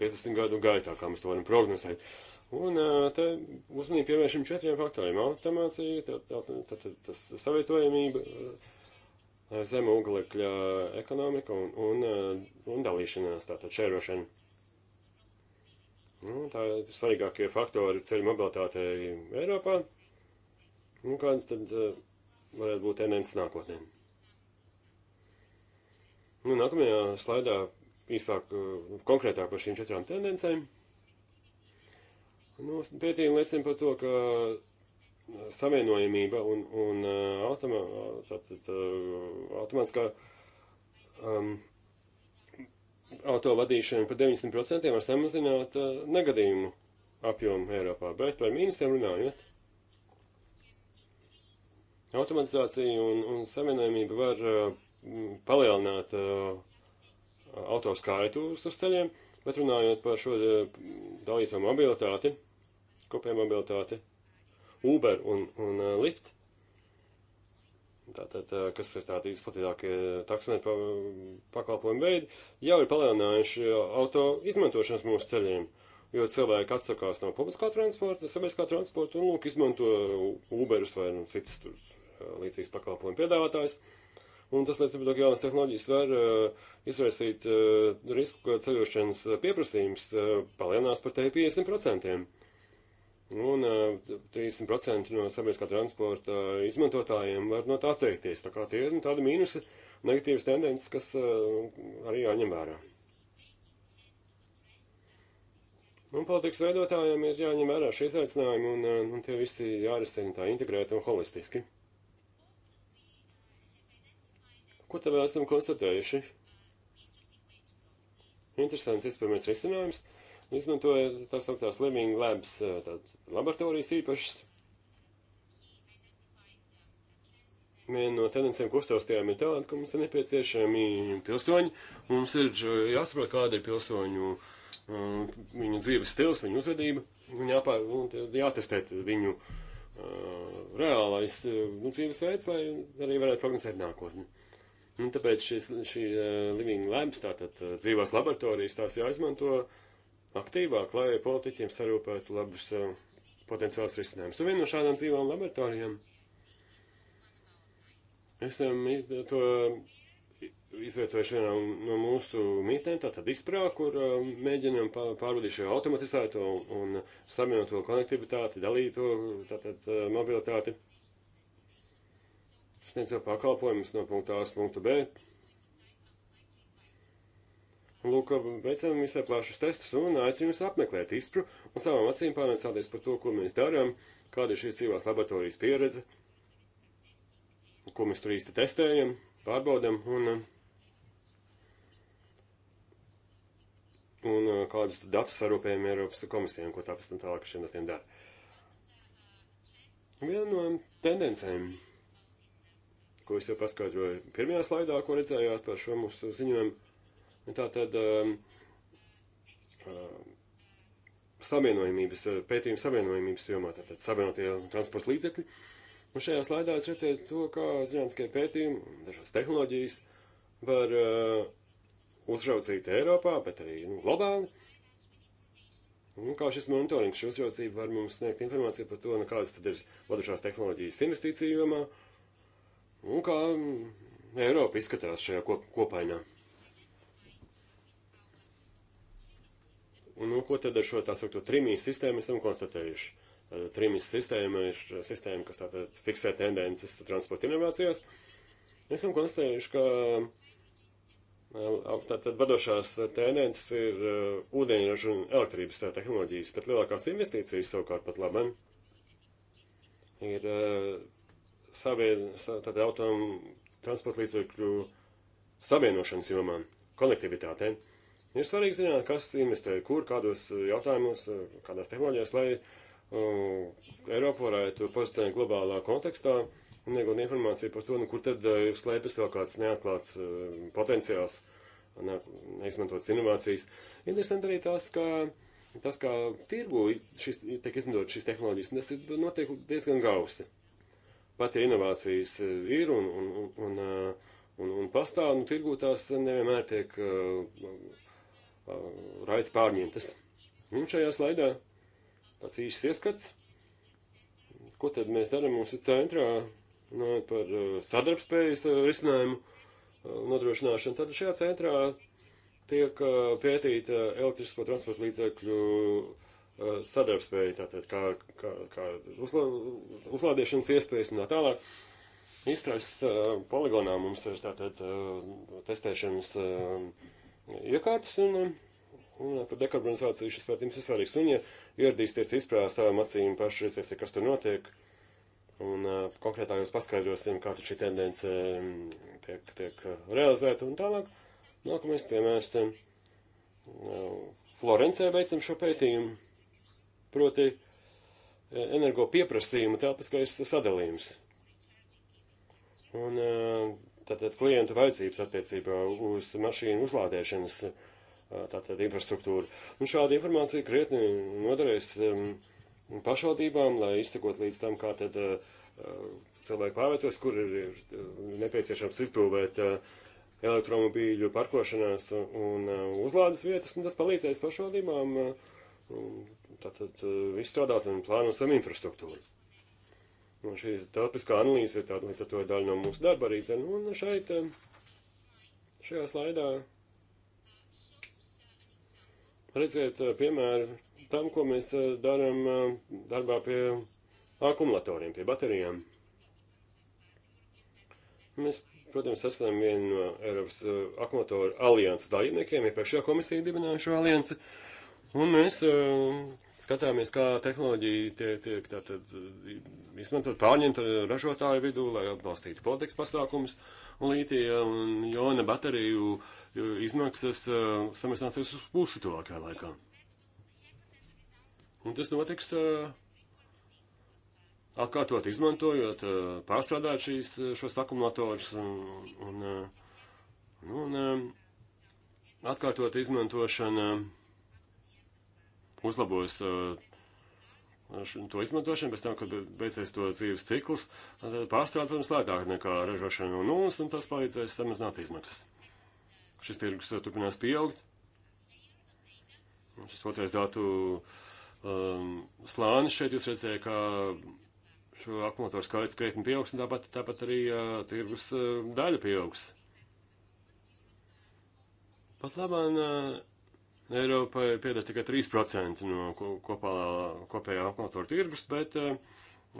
50 gadu gaitā, kā mēs to varam prognozēt. Uh, Un te uzmanību pievēršam četriem faktoriem - automācija, tad tā, tā, tā, tā, savietojamība, zema oglekļa ekonomika un, un, un dalīšanās, tātad šērošana. Nu, tā ir svarīgākie faktori ceļu mobilitātei Eiropā. Un kādas tad varētu būt tendences nākotnē? Nu, nākamajā slaidā īsāk, konkrētāk par šīm četrām tendencēm. Nu, pētījumi liecina par to, ka uh, savienojamība un, un uh, automa, tātad, uh, automātiskā um, auto vadīšana par 90% var samazināt uh, negadījumu apjomu Eiropā, bet par mīnusiem runājot. Automatizācija un, un savienojamība var uh, palielināt uh, autoskaitu uz ceļiem, bet runājot par šo dalīto mobilitāti, uh, kopējā mobilitāte, Uber un, un uh, Lyft. Tātad, uh, kas ir tādi izplatītākie taksometru pakalpojumu veidi, jau ir palielinājuši uh, auto izmantošanas mūsu ceļiem, jo cilvēki atsakās no publiskā transporta, sabiedriskā transporta un, lūk, izmanto uh, Uberus vai nu, citas tur uh, līdzīgas pakalpojumu piedāvātājs. Un tas, līdz ar to, ka jaunas tehnoloģijas var uh, izraisīt uh, risku, ka ceļošanas pieprasījums uh, palielinās par te 50%. Un uh, eh, 30% no sabiedriskā transporta izmantotājiem var no tā atteikties. Tā kā tie ir nu, tādi mīnusi, negatīvas tendences, kas uh, arī jāņem vērā. Un politikas veidotājiem ir jāņem vērā šie izaicinājumi, un, un, eh, un tie visi jārisina tā integrēti un holistiski. Ko tad esam konstatējuši? Interesants iespējamais risinājums. Uh, izmantoja tā sauktās Living Labs eh, laboratorijas īpašas. Viena no tendencēm, ko uztaustījām, ir tāda, ka mums ir nepieciešami pilsoņi. Mums ir eh, jāsaprot, kāda ir pilsoņu uh, viņu dzīves stils, viņu uzvedība, un jāpār, un jātestē viņu uh, reālais nu, dzīvesveids, lai arī varētu prognozēt nākotni. Un tāpēc šis, šī uh, Living Labs, tātad dzīvās laboratorijas, tās jāizmanto. Uh, aktīvāk, lai politiķiem sarūpētu labus uh, potenciālus risinājumus. Un nu, viena no šādām dzīvām laboratorijām esam to izvietojuši vienā no mūsu mītnēm, tātad izprā, kur uh, eh, mēģinām pārvadīt šo automatizēto un savienoto konektivitāti, dalīto, tātad uh, mobilitāti, sniedzot pakalpojumus no punktu A uz punktu B Lūk, veicam visai plašus testus un aicinu jūs apmeklēt ISPRU un savām acīm pārnēcāties par to, ko mēs darām, kāda ir šīs dzīvās laboratorijas pieredze, ko mēs tur īsti testējam, pārbaudam un, un kādus datus sarūpējam Eiropas komisijām, ko tā pēc tam tālāk šiem datiem dara. Viena no tendencēm ko es jau paskaidroju pirmajā slaidā, ko redzējāt par šo mūsu ziņojumu, Nu, tātad um, um savienojumības, uh, pētījuma savienojumības jomā, tātad savienotie transporta līdzekļi. Un šajā slaidā es redzēju to, kā zinātniskie pētījumi, dažas tehnoloģijas var uh, uzraudzīt Eiropā, bet arī nu, globāli. Un kā šis monitorings, šī uzraudzība var mums sniegt informāciju par to, nu, kādas tad ir vadušās tehnoloģijas investīciju jomā un kā Eiropa izskatās šajā kop kopainā. Un, nu, ko tad ar šo tā saucamo trimiju sistēmu esam konstatējuši? Trimijas sistēma ir sistēma, kas tātad fiksē tendences transporta inovācijās. Esam konstatējuši, ka tātad vadošās tendences ir ūdeņraža un elektrības tehnoloģijas, bet lielākās investīcijas savukārt pat labam ir savien, tātad automu transporta līdzekļu savienošanas jomām, konektivitātēm. Ir svarīgi zināt, kas investē, kur, kādos eh, jautājumos, eh, kādās tehnoloģijās, lai uh, Eiropa varētu pozicionēt globālā kontekstā un iegūt informāciju par to, nu, kur tad uh, slēpjas vēl kāds neatklāts uh, potenciāls, ne, neizmantots inovācijas. Interesanti arī tās, ka tas, kā tirgu šis, tiek izmantot šīs tehnoloģijas, tas ir notiek diezgan gausi. Pat ja inovācijas ir un, un, un, un, un, un pastāv, nu, tirgū tās nevienmēr tiek uh, raiti pārņemtas. Un šajā slaidā tāds īsts ieskats, ko tad mēs darām mūsu centrā no, nu, par sadarbspējas risinājumu nodrošināšanu. Tad šajā centrā tiek pētīta elektrisko transporta līdzekļu sadarbspēja, tātad kā, kā, kā uzlā, uzlādiešanas iespējas un tā tālāk. Izstrādes poligonā mums ir tātad testēšanas iekārtas un, un par dekarbonizāciju šis pētījums ir svarīgs. Un, ja ieradīsties izprāst savām acīm pašreizies, kas tur notiek, un uh, konkrētāk jūs paskaidrosim, kā šī tendence tiek, tiek realizēta un tālāk. Nākamais piemērs. Florencē veicam šo pētījumu, proti energo pieprasījumu telpiskais sadalījums. Un uh, tātad klientu vajadzības attiecībā uz mašīnu uzlādēšanas tātad infrastruktūru. Un šāda informācija krietni noderēs um, pašvaldībām, lai izsekot līdz tam, kā tad uh, cilvēki pārvietojas, kur ir, ir nepieciešams izbūvēt uh, elektromobīļu parkošanās un uh, uzlādes vietas, un tas palīdzēs pašvaldībām tātad izstrādāt un plānot savu infrastruktūru. Un nu, šī telpiskā analīze ir tāda līdz ar to ir daļa no mūsu darba arī. Zin. Un šeit, šajā slaidā, redziet eh, piemēru tam, ko mēs eh, darām eh, darbā pie akumulatoriem, pie baterijām. Mēs, protams, esam viena no Eiropas akumulatoru alianses dalībniekiem, iepriekšējā komisija dibināja šo aliansi. Un mēs uh, skatāmies, kā tehnoloģija tiek, tiek tātad izmantot pārņemta ražotāju vidū, lai atbalstītu politikas pasākumus, un lītija un jona bateriju izmaksas uh, e, samazināsies uz pusi tuvākajā laikā. Un tas notiks uh, atkārtot izmantojot, uh, pārstrādāt šīs, šos akumulatorus un, un, nu, un, un atkārtot izmantošanu uzlabos uh, to izmantošanu, pēc tam, kad beigsies to dzīves cikls, pārstrādāt, protams, lētāk nekā ražošana no nulles, un tas palīdzēs samazināt izmaksas. Šis tirgus uh, turpinās pieaugt. Un šis otrais datu um, slānis šeit jūs redzējāt, ka šo akumulatoru skaits krietni pieaugs, un tāpat, tāpat arī uh, tirgus uh, daļa pieaugs. Pat labāk. Uh, Eiropai pieder tikai 3% no kopā, kopējā apkalpotu tirgus, bet eh,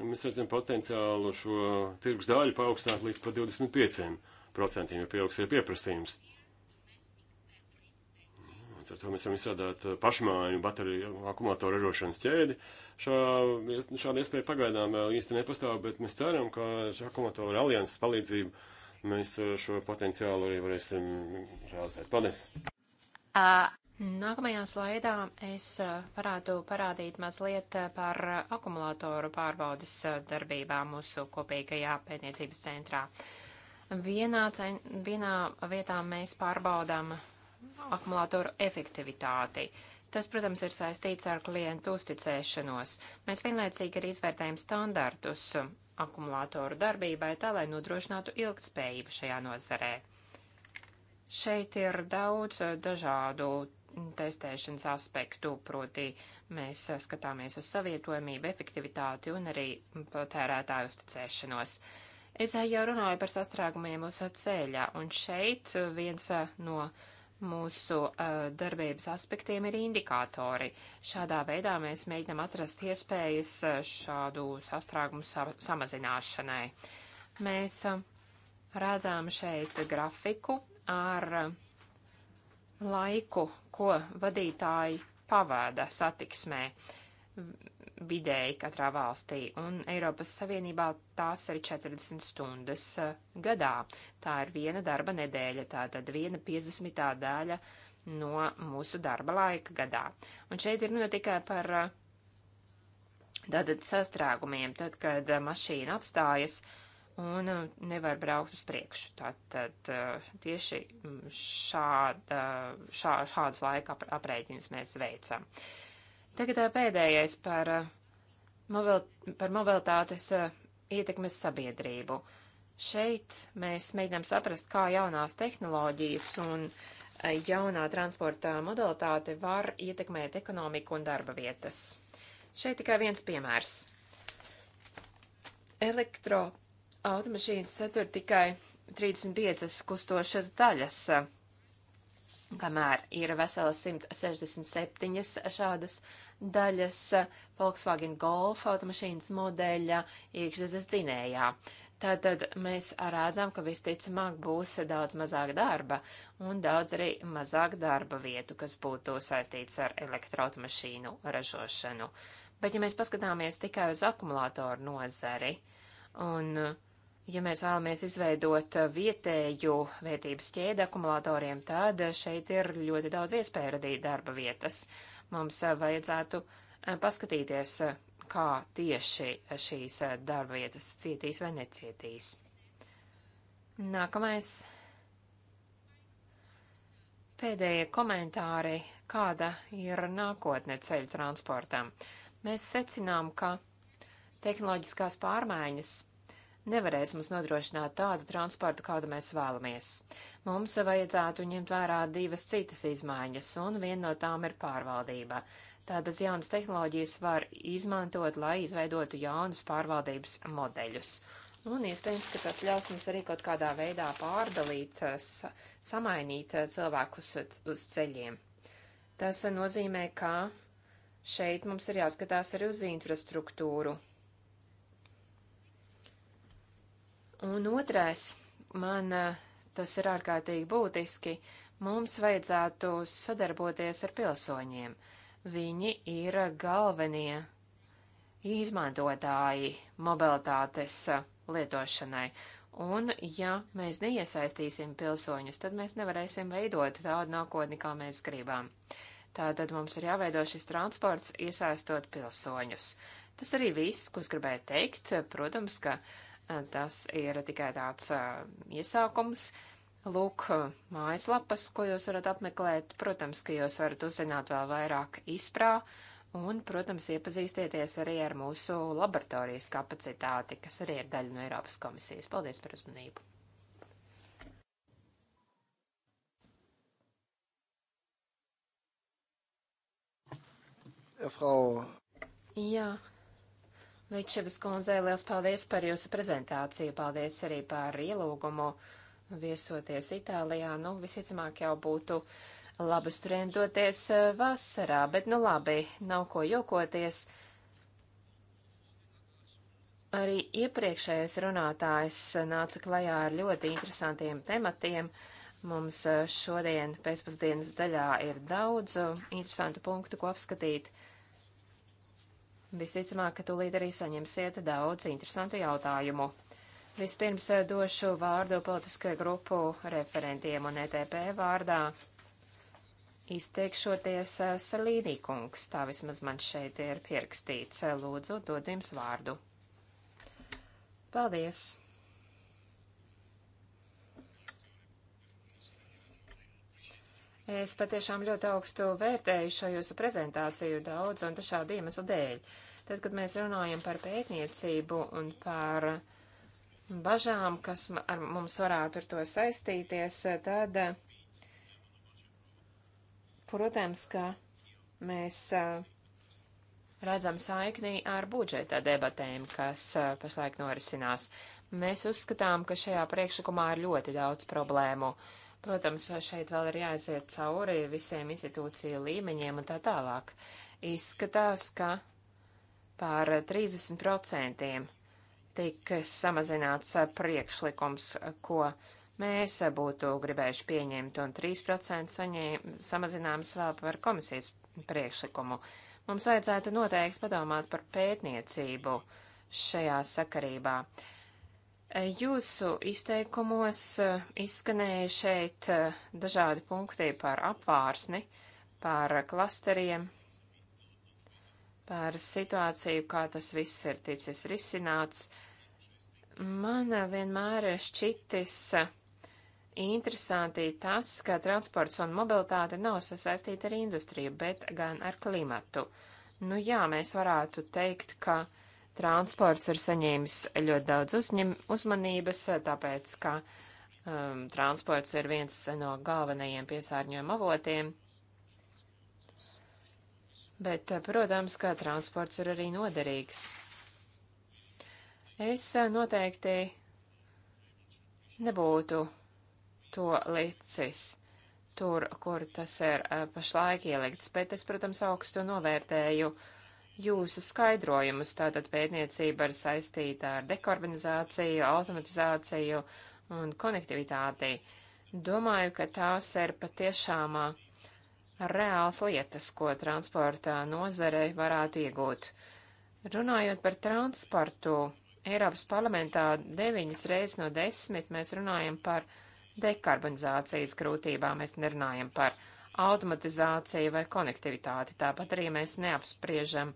mēs redzam potenciālu šo tirgus daļu paaugstināt līdz pat 25%, ja pieaugs ir pieprasījums. Ar to mēs varam izstrādāt eh, pašmāju bateriju akumulātoru ražošanas ķēdi. Šā, šāda iespēja pagaidām vēl īsti nepastāv, bet mēs ceram, ka akumulātoru alianses palīdzību mēs eh, šo potenciālu arī varēsim realizēt. Paldies! Uh, Nākamajā slaidā es varētu parādīt mazliet par akumulātoru pārbaudas darbībām mūsu kopīgajā pētniecības centrā. Vienā, cen vienā vietā mēs pārbaudām akumulātoru efektivitāti. Tas, protams, ir saistīts ar klientu uzticēšanos. Mēs vienlaicīgi arī izvērtējam standartus akumulātoru darbībai, tā lai nodrošinātu ilgtspējību šajā nozarē. Šeit ir daudz dažādu testēšanas aspektu, proti mēs skatāmies uz savietojamību, efektivitāti un arī patērētāju uzticēšanos. Es jau runāju par sastrēgumiem uz ceļa, un šeit viens no mūsu darbības aspektiem ir indikātori. Šādā veidā mēs mēģinam atrast iespējas šādu sastrēgumu sa samazināšanai. Mēs redzam šeit grafiku ar laiku, ko vadītāji pavēda satiksmē vidēji katrā valstī, un Eiropas Savienībā tās ir 40 stundas eh, gadā. Tā ir viena darba nedēļa, tātad viena 50. daļa no mūsu darba laika gadā. Un šeit ir nu tikai par eh, tātad sastrēgumiem, tad, kad eh, mašīna apstājas, uh, un uh, nevar braukt uz priekšu. Tātad uh, tieši mm, šāda, šā, šādus laika aprēķinus mēs veicam. Tagad uh, pēdējais par, mobil, par mobilitātes ietekmes sabiedrību. Šeit mēs mēģinām saprast, kā jaunās tehnoloģijas un jaunā transporta modalitāte var ietekmēt ekonomiku un darba vietas. Šeit tikai viens piemērs. Elektro automašīnas satur tikai 35 kustošas daļas, kamēr ir veselas 167 šādas daļas Volkswagen Golf automašīnas modeļa iekšzemes dzinējā. Tātad mēs rādzām, ka visticamāk būs daudz mazāk darba un daudz arī mazāk darba vietu, kas būtu saistīts ar elektroautomašīnu ražošanu. Bet ja mēs paskatāmies tikai uz akumulātoru nozari un uh, Ja mēs vēlamies izveidot uh, vietēju vērtības ķēdi akumulatoriem, tad šeit ir ļoti daudz iespēju radīt darba vietas. Mums uh, vajadzētu uh, paskatīties, kā tieši šīs darba vietas cietīs vai necietīs. Nākamais. Pēdējie komentāri, kāda ir nākotne ceļu transportam. Mēs secinām, ka tehnoloģiskās pārmaiņas nevarēs mums nodrošināt tādu transportu, kādu mēs vēlamies. Mums vajadzētu ņemt vērā divas citas izmaiņas, un viena no tām ir pārvaldība. Tādas jaunas tehnoloģijas var izmantot, lai izveidotu jaunus pārvaldības modeļus. Un iespējams, ka tas ļaus mums arī kaut kādā veidā pārdalīt, sa samainīt cilvēkus uz ceļiem. Tas nozīmē, ka šeit mums ir jāskatās arī uz infrastruktūru, Un otrais, man eh, tas ir ārkārtīgi būtiski, mums vajadzētu sadarboties ar pilsoņiem. Viņi ir galvenie izmantotāji mobilitātes eh, lietošanai, Un, ja mēs neiesaistīsim pilsoņus, tad mēs nevarēsim veidot tādu nākotni, kā mēs gribam. Tātad mums ir jāveido šis transports, iesaistot pilsoņus. Tas arī viss, ko es gribēju teikt. Protams, ka Tas ir tikai tāds iesākums. Lūk, mājaslapas, ko jūs varat apmeklēt. Protams, ka jūs varat uzzināt vēl vairāk izprā un, protams, iepazīstieties arī ar mūsu laboratorijas kapacitāti, kas arī ir daļa no Eiropas komisijas. Paldies par uzmanību! Ja, Frau. Jā, Līdzševas kundzei liels paldies par jūsu prezentāciju, paldies arī par ielūgumu viesoties Itālijā. Nu, visticamāk jau būtu labi turien doties eh, vasarā, bet nu labi, nav ko jokoties. Arī iepriekšējais runātājs nāca klajā ar ļoti interesantiem tematiem. Mums eh, šodien pēcpusdienas daļā ir daudz eh, interesantu punktu, ko apskatīt. Visticamāk, ka tūlīt arī saņemsiet daudz interesantu jautājumu. Vispirms eh, došu vārdu politiskajai grupu referentiem un ETP vārdā. Izteikšoties eh, Salīnī kungs, tā vismaz man šeit ir pierakstīts. Eh, Lūdzu, dod jums vārdu. Paldies! Es patiešām ļoti augstu vērtēju šo jūsu prezentāciju daudz un dažādu iemeslu dēļ. Tad, kad mēs runājam par pētniecību un par bažām, kas ar mums varētu ar to saistīties, tad, protams, ka mēs redzam saiknī ar budžeta debatēm, kas pašlaik norisinās. Mēs uzskatām, ka šajā priekšlikumā ir ļoti daudz problēmu. Uh, Protams, šeit vēl ir jāaiziet cauri visiem institūciju līmeņiem un tā tālāk. Izskatās, ka par 30% tika samazināts priekšlikums, ko mēs būtu gribējuši pieņemt, un 3% saņēm, samazināms vēl par komisijas priekšlikumu. Mums vajadzētu noteikti padomāt par pētniecību šajā sakarībā. Uh, Jūsu izteikumos eh, izskanēja šeit eh, dažādi punkti par apvārsni, par klasteriem, par situāciju, kā tas viss ir ticis risināts. Man vienmēr šķitis eh, interesanti tas, ka transports un mobilitāte nav sasaistīta ar industriju, bet gan ar klimatu. Nu jā, mēs varētu teikt, ka uh, Transports ir saņēmis ļoti daudz uzņem, uzmanības, tāpēc, ka um, transports ir viens no galvenajiem piesārņojuma avotiem. Bet, eh, protams, ka transports ir arī noderīgs. Es eh, noteikti nebūtu to licis tur, kur tas ir eh, pašlaik ielikts, bet es, protams, augstu novērtēju uh, jūsu skaidrojumus. Tātad pētniecība ir saistīta ar dekarbonizāciju, automatizāciju un konektivitāti. Domāju, ka tās ir patiešām reāls lietas, ko transporta nozarei varētu iegūt. Runājot par transportu, Eiropas parlamentā deviņas reizes no desmit mēs runājam par dekarbonizācijas grūtībām, mēs nerunājam par uh, automatizāciju vai konektivitāti. Tāpat arī mēs neapspriežam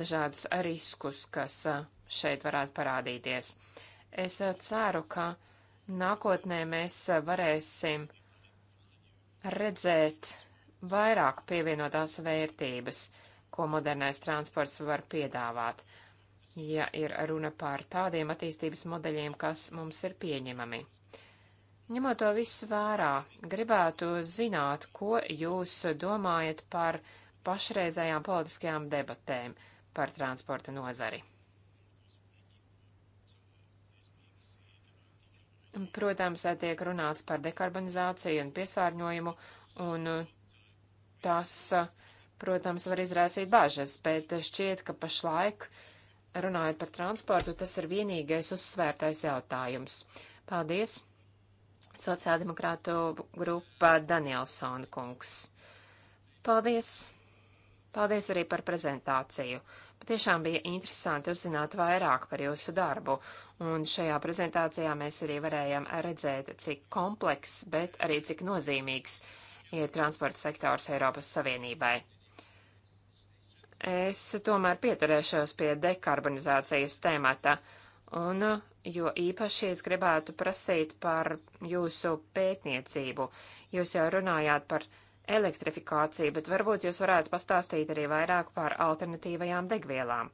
dažādus riskus, kas eh, šeit varētu parādīties. Es eh, ceru, ka nākotnē mēs eh, varēsim redzēt vairāk pievienotās vērtības, ko modernais transports var piedāvāt, ja ir runa par tādiem attīstības modeļiem, kas mums ir pieņemami. Ņemot to visu vērā, gribētu zināt, ko jūs domājat par pašreizējām politiskajām debatēm par transporta nozari. Protams, tiek runāts par dekarbonizāciju un piesārņojumu, un tas, protams, var izraisīt bažas, bet šķiet, ka pašlaik, runājot par transportu, tas ir vienīgais uzsvērtais jautājums. Paldies! sociāldemokrātu grupa Danielsona kungs. Paldies! Paldies arī par prezentāciju. Patiešām bija interesanti uzzināt vairāk par jūsu darbu, un šajā prezentācijā mēs arī varējām redzēt, cik kompleks, bet arī cik nozīmīgs ir transporta sektors Eiropas Savienībai. Es tomēr pieturēšos pie dekarbonizācijas temata, un jo īpaši es gribētu prasīt par jūsu pētniecību. Jūs jau runājāt par elektrifikāciju, bet varbūt jūs varētu pastāstīt arī vairāk par alternatīvajām degvielām.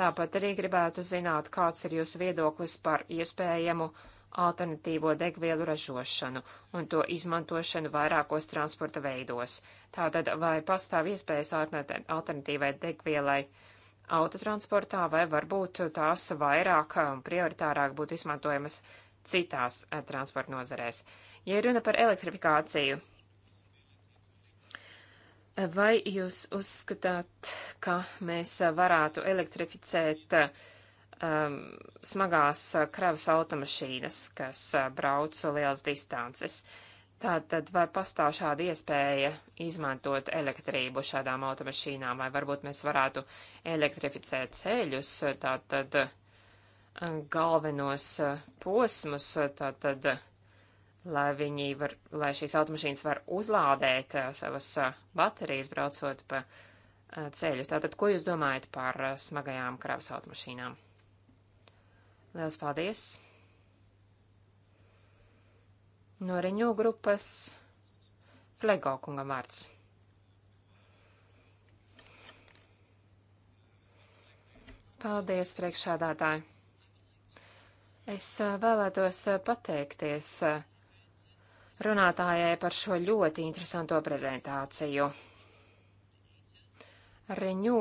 Tāpat arī gribētu zināt, kāds ir jūsu viedoklis par iespējamu alternatīvo degvielu ražošanu un to izmantošanu vairākos transporta veidos. Tātad, vai pastāv iespējas alternatīvai degvielai uh, autotransportā, vai varbūt tās vairāk un prioritārāk būtu izmantojamas citās eh, transporta nozarēs. Ja runa par elektrifikāciju, vai jūs uzskatāt, ka mēs varētu elektrificēt um, smagās eh, kravas automašīnas, kas eh, brauc lielas distances? Uh, Tātad, vai pastāv šāda iespēja izmantot elektrību šādām automašīnām, vai varbūt mēs varētu elektrificēt ceļus, tātad eh, galvenos eh, posmus, tātad, eh, lai viņi var, lai šīs automašīnas var uzlādēt savas baterijas braucot pa ceļu. Tātad, ko jūs domājat par smagajām kravas automašīnām? Liels paldies! No Reņo grupas Flego kungam vārds. Paldies, priekšādātāji! Es vēlētos pateikties runātājai par šo ļoti interesanto prezentāciju. Reņū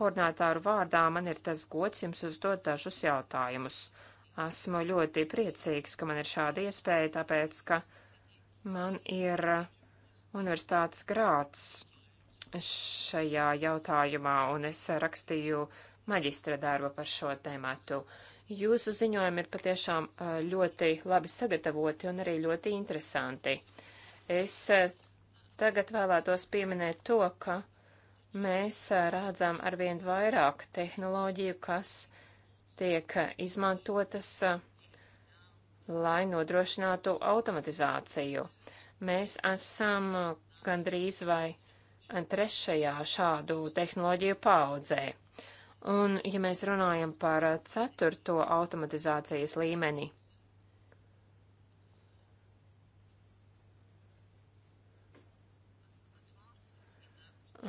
koordinātāru vārdā man ir tas gods jums uzdot dažus jautājumus. Esmu ļoti priecīgs, ka man ir šāda iespēja, tāpēc, ka man ir universitātes grāts šajā jautājumā, un es rakstīju maģistra darbu par šo tēmatu. Jūsu ziņojumi ir patiešām ļoti labi sagatavoti un arī ļoti interesanti. Es tagad vēlētos pieminēt to, ka mēs rādzām arvien vairāk tehnoloģiju, kas uh, tiek eh, izmantotas, eh, lai nodrošinātu automatizāciju. Mēs esam eh, gandrīz vai trešajā šādu tehnoloģiju paudzē. Un, ja mēs runājam par ceturto automatizācijas līmeni,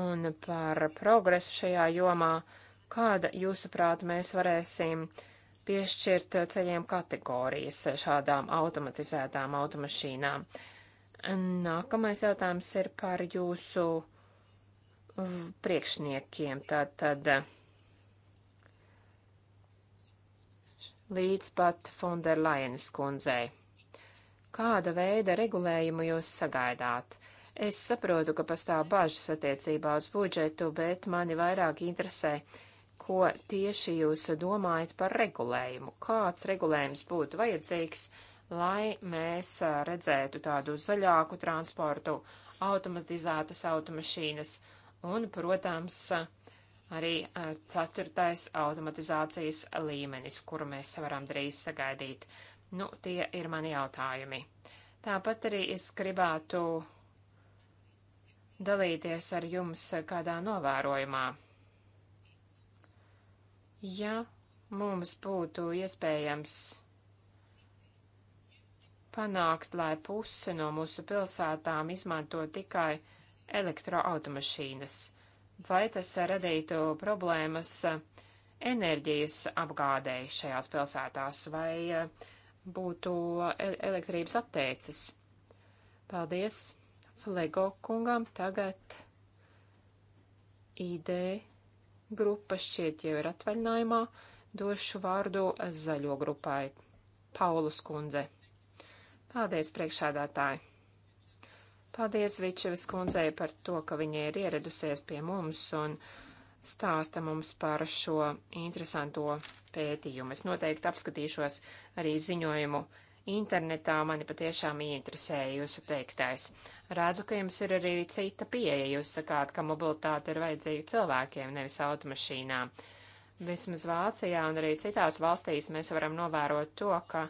un par progresu šajā jomā, Kāda, jūsuprāt, mēs varēsim piešķirt ceļiem kategorijas šādām automatizētām automašīnām? Nākamais jautājums ir par jūsu priekšniekiem. Tātad līdz pat Fonderlajenes kundzei. Kāda veida regulējumu jūs sagaidāt? Es saprotu, ka pastāv bažas attiecībā uz budžetu, bet mani vairāk interesē ko tieši jūs domājat par regulējumu. Kāds regulējums būtu vajadzīgs, lai mēs redzētu tādu zaļāku transportu, automatizētas automašīnas un, protams, arī ceturtais automatizācijas līmenis, kuru mēs varam drīz sagaidīt. Nu, tie ir mani jautājumi. Tāpat arī es gribētu dalīties ar jums kādā novērojumā. Ja mums būtu iespējams panākt, lai puse no mūsu pilsētām izmanto tikai elektroautomašīnas, vai tas radītu problēmas enerģijas apgādēji šajās pilsētās, vai eh, būtu elektrības attēcis? Paldies Flego kungam, tagad ideja grupa šķiet jau ir atvaļinājumā. Došu vārdu zaļo grupai. Paulus kundze. Paldies, priekšādātāji! Paldies Vičevas kundzei par to, ka viņa ir ieradusies pie mums un stāsta mums par šo interesanto pētījumu. Es noteikti apskatīšos arī ziņojumu internetā, mani patiešām ieinteresēja jūsu teiktais. Redzu, ka jums ir arī cita pieeja. Jūs sakāt, ka mobilitāte ir vajadzīga cilvēkiem, nevis automašīnām. Vismaz Vācijā un arī citās valstīs mēs varam novērot to, ka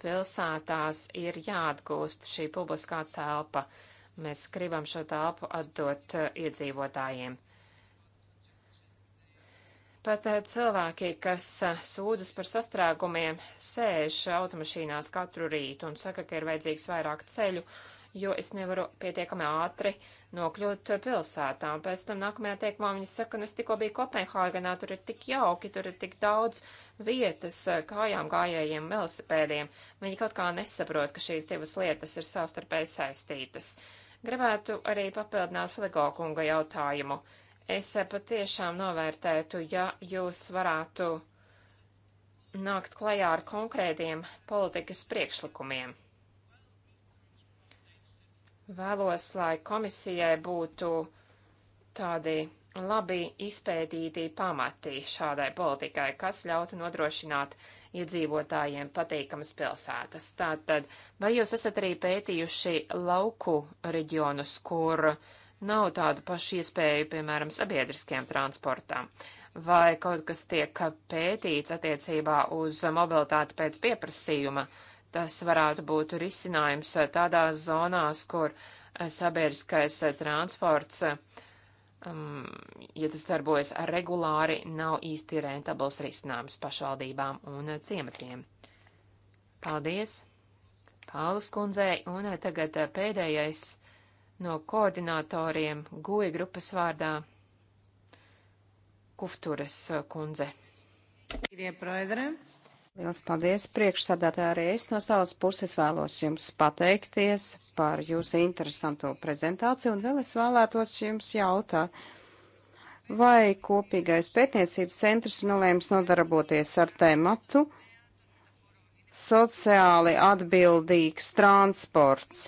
pilsētās ir jāatgūst šī publiskā telpa. Mēs gribam šo telpu atdot eh, iedzīvotājiem. Pat eh, cilvēki, kas eh, sūdzas par sastrēgumiem, sēž automašīnās katru rītu un saka, ka ir vajadzīgs vairāk ceļu, jo es nevaru pietiekami ātri nokļūt pilsētā. Un pēc tam nākamajā teikumā viņi saka, nu es tikko biju Kopenhāgenā, tur ir tik jauki, tur ir tik daudz vietas eh, kājām gājējiem, velosipēdiem. Viņi kaut kā nesaprot, ka šīs divas lietas ir savstarpēji saistītas. Gribētu arī papildināt Fligo kunga jautājumu. Uh, Es patiešām novērtētu, ja jūs varētu nākt klajā ar konkrētiem politikas priekšlikumiem. Vēlos, lai komisijai būtu tādi labi izpētīti pamati šādai politikai, kas ļautu nodrošināt iedzīvotājiem patīkamas pilsētas. Tātad, vai jūs esat arī pētījuši lauku reģionus, kur uh, nav tādu pašu iespēju, piemēram, sabiedriskajam transportam. Vai kaut kas tiek pētīts attiecībā uz mobilitāti pēc pieprasījuma, tas varētu būt risinājums tādās zonās, kur eh, sabiedriskais eh, transports, um, ja tas darbojas regulāri, nav īsti rentabls risinājums pašvaldībām un eh, ciematiem. Paldies! Pāles kundzei, un tagad pēdējais no koordinatoriem guja grupas vārdā Kufturas uh, kundze. Liels paldies, priekšsādātāji, arī es no savas puses vēlos jums pateikties par jūsu interesanto prezentāciju un vēl es vēlētos jums jautāt, vai kopīgais pētniecības centrs nolēms nodarboties ar tematu sociāli atbildīgs transports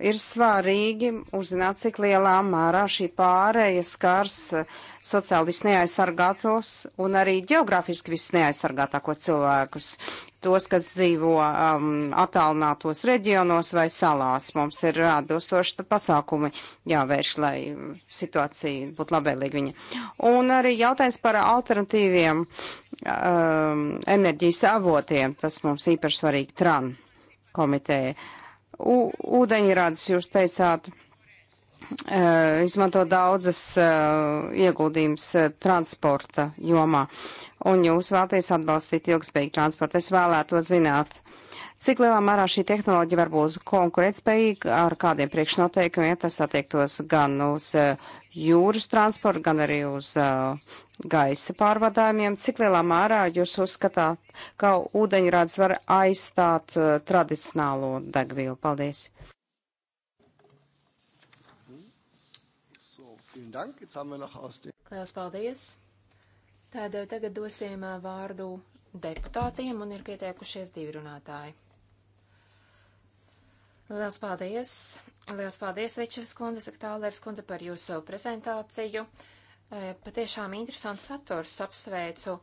ir svarīgi uzzināt, cik lielā mērā šī pārēja skars eh, sociālis neaizsargātos un arī geogrāfiski viss neaizsargātākos cilvēkus. Tos, kas dzīvo um, attālinātos reģionos vai salās, mums ir atbilstoši pasākumi jāvērš, lai situācija būtu labvēlīga viņa. Un arī jautājums par alternatīviem um, enerģijas avotiem, tas mums īpaši svarīgi tran komiteja. Uh, ūdeņradis, jūs teicāt, e, izmanto daudzas e, ieguldījumus e, transporta jomā, un jūs vēlties atbalstīt ilgspējīgu transportu. Es vēlētos zināt, cik lielā mērā šī tehnoloģija var būt konkurētspējīga, ar kādiem priekšnoteikumiem tas attiektos gan uz jūras transportu, gan arī uz uh, gaisa pārvadājumiem, cik lielā mērā jūs uzskatāt, ka ūdeņrads var aizstāt uh, tradicionālo degvielu? Paldies! Lielas paldies! Tad uh, tagad dosim uh, vārdu deputātiem un ir pieteikušies divi runātāji. Lielas paldies! Lielas paldies, Večevs kundze, Sektālērs kundze par jūsu prezentāciju. Uh, E, patiešām interesants saturs. Apsveicu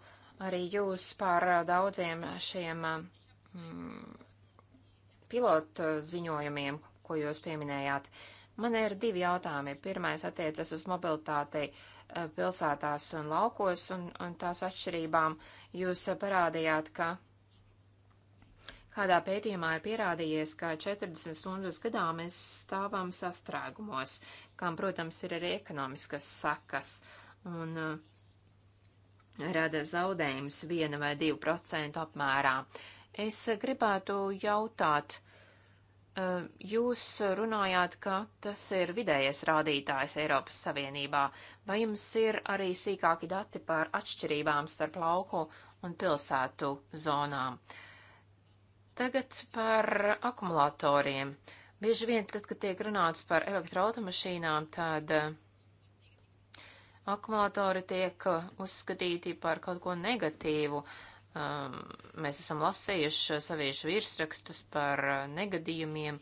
arī jūs par e, daudziem šiem e, mm, pilotu ziņojumiem, ko jūs pieminējāt. Man ir divi jautājumi. Pirmais attiecas uz mobilitāti pilsētās un laukos un, un tās atšķirībām. Jūs parādījāt, ka Kādā pētījumā ir pierādījies, ka 40 stundas gadā mēs stāvam sastrēgumos, kam, protams, ir arī ekonomiskas sakas un eh, rada zaudējums 1 vai 2 procentu apmērā. Es gribētu jautāt, eh, jūs runājāt, ka tas ir vidējais rādītājs Eiropas Savienībā. Vai jums ir arī sīkāki dati par atšķirībām starp lauku un pilsētu zonām? Uh, Tagad par akumulatoriem. Bieži vien, tad, kad tiek runāts par elektroautomašīnām, tad uh, akumulatori tiek uh, uzskatīti par kaut ko negatīvu. Um, mēs esam lasījuši saviešu virsrakstus par uh, negadījumiem,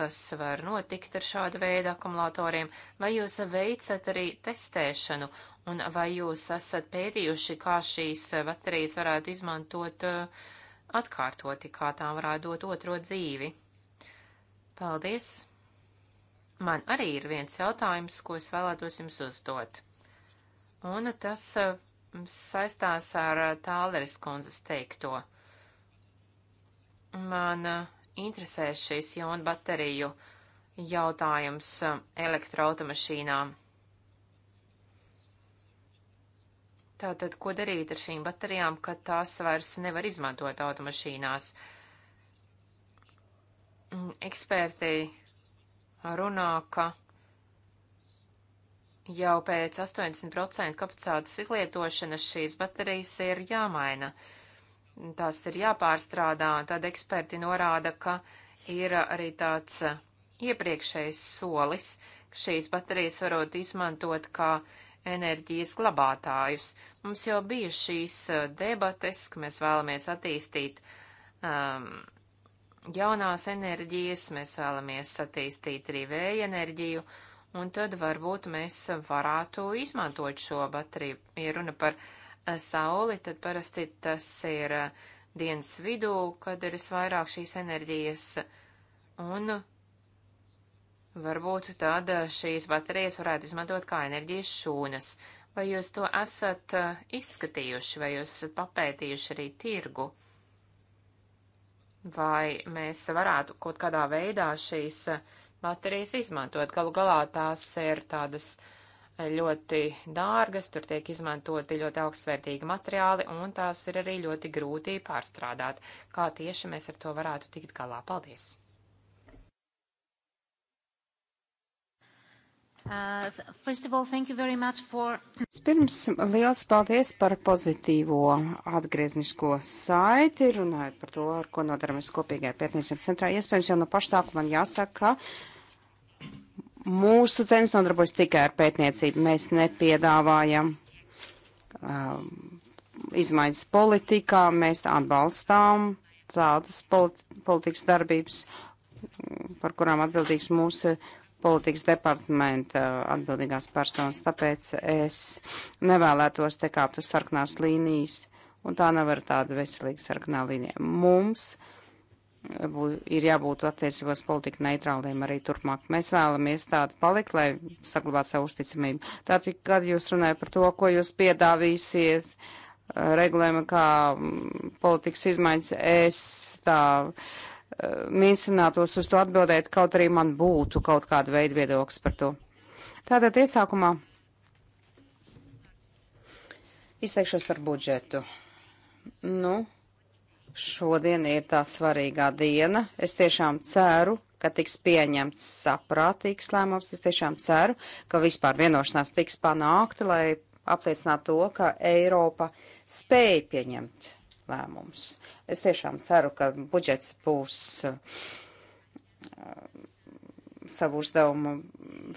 kas var notikt ar šādu veidu akumulatoriem. Vai jūs veicat arī testēšanu un vai jūs esat pētījuši, kā šīs baterijas varētu izmantot uh, atkārtoti, kā tām varētu dot otro dzīvi. Paldies! Man arī ir viens jautājums, ko es vēlētos jums uzdot. Un tas eh, saistās ar eh, Tāleris kundzes teikto. Man eh, interesē šis jaunu bateriju jautājums elektroautomašīnām. Tātad, ko darīt ar šīm baterijām, kad tās vairs nevar izmantot automašīnās? Mm, eksperti runā, ka jau pēc 80% kapacitātes izlietošanas šīs baterijas ir jāmaina. Tās ir jāpārstrādā, un tad eksperti norāda, ka ir arī tāds iepriekšējs solis, ka šīs baterijas varot izmantot kā enerģijas glabātājus, Mums jau bija šīs debates, ka mēs vēlamies attīstīt um, jaunās enerģijas, mēs vēlamies attīstīt arī vēja enerģiju, un tad varbūt mēs varētu izmantot šo bateriju. Ja runa par sauli, tad parasti tas ir dienas vidū, kad ir visvairāk šīs enerģijas, un varbūt tad šīs baterijas varētu izmantot kā enerģijas šūnas. Vai jūs to esat eh, izskatījuši, vai jūs esat papētījuši arī tirgu? Vai mēs varētu kaut kādā veidā šīs eh, baterijas izmantot? Galu galā tās ir tādas eh, ļoti dārgas, tur tiek izmantoti ļoti augstsvērtīgi materiāli, un tās ir arī ļoti grūti pārstrādāt. Kā tieši mēs ar to varētu tikt galā? Paldies! Uh, all, for... Pirms liels paldies par pozitīvo atgrieznisko saiti, runājot par to, ar ko nodarbojamies kopīgajā pētniecības centrā. Iespējams, jau no pašsākuma man jāsaka, ka mūsu cenas nodarbojas tikai ar pētniecību. Mēs nepiedāvājam um, izmaiņas politikā, mēs atbalstām tādas politi politikas darbības, par kurām atbildīgs mūsu. Uh, politikas departamenta atbildīgās personas, tāpēc es nevēlētos te kāpt uz sarkanās līnijas, un tā nav ar tādu veselīgu sarkanā līnija. Mums eh, ir jābūt attiecībās politika neitrāliem arī turpmāk. Mēs vēlamies tādu palikt, lai saglabātu savu uzticamību. Tātad, kad jūs runājat par to, ko jūs piedāvīsiet, eh, regulējumi kā mm, politikas izmaiņas, es tā. Uh, mīnstinātos uz to atbildēt, kaut arī man būtu kaut kāda veida viedoklis par to. Tātad iesākumā izteikšos par budžetu. Nu, šodien ir tā svarīgā diena. Es tiešām ceru, ka tiks pieņemts saprātīgs lēmums. Es tiešām ceru, ka vispār vienošanās tiks panākta, lai apliecinātu to, ka Eiropa spēja pieņemt lēmumus. Es tiešām ceru, ka budžets būs uh, savu uzdevumu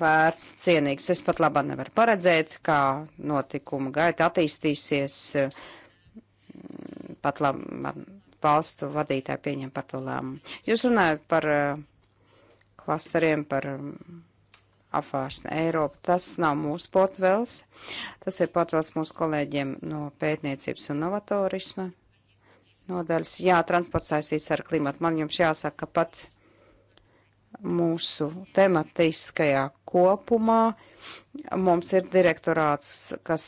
vērts cienīgs. Es pat labā nevaru paredzēt, kā notikuma gaita attīstīsies. Pat labi, valstu vadītāji pieņem par to lēmumu. Jūs runājat par uh, klasteriem, par um, apvārsni Eiropu. Tas nav mūsu portvels. Tas ir portvels mūsu kolēģiem no pētniecības un novatorisma nodaļas. Jā, transports saistīts ar klimatu. Man jums jāsaka, ka pat mūsu tematiskajā kopumā mums ir direktorāts, kas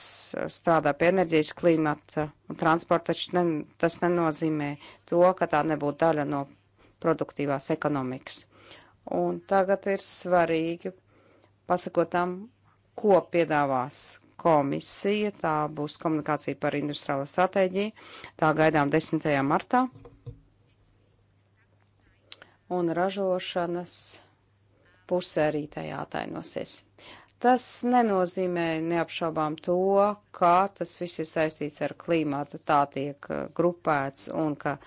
strādā pie enerģijas, klimata un transporta, taču ne, tas nenozīmē to, ka tā nebūtu daļa no produktīvās ekonomikas. Un tagad ir svarīgi pasakot tam, ko piedāvās komisija. Tā būs komunikācija par industriālo stratēģiju. Tā gaidām 10. martā. Un ražošanas pusē arī tajā atainosies. Tas nenozīmē neapšaubām to, ka tas viss ir saistīts ar klimatu, tā tiek uh, grupēts un ka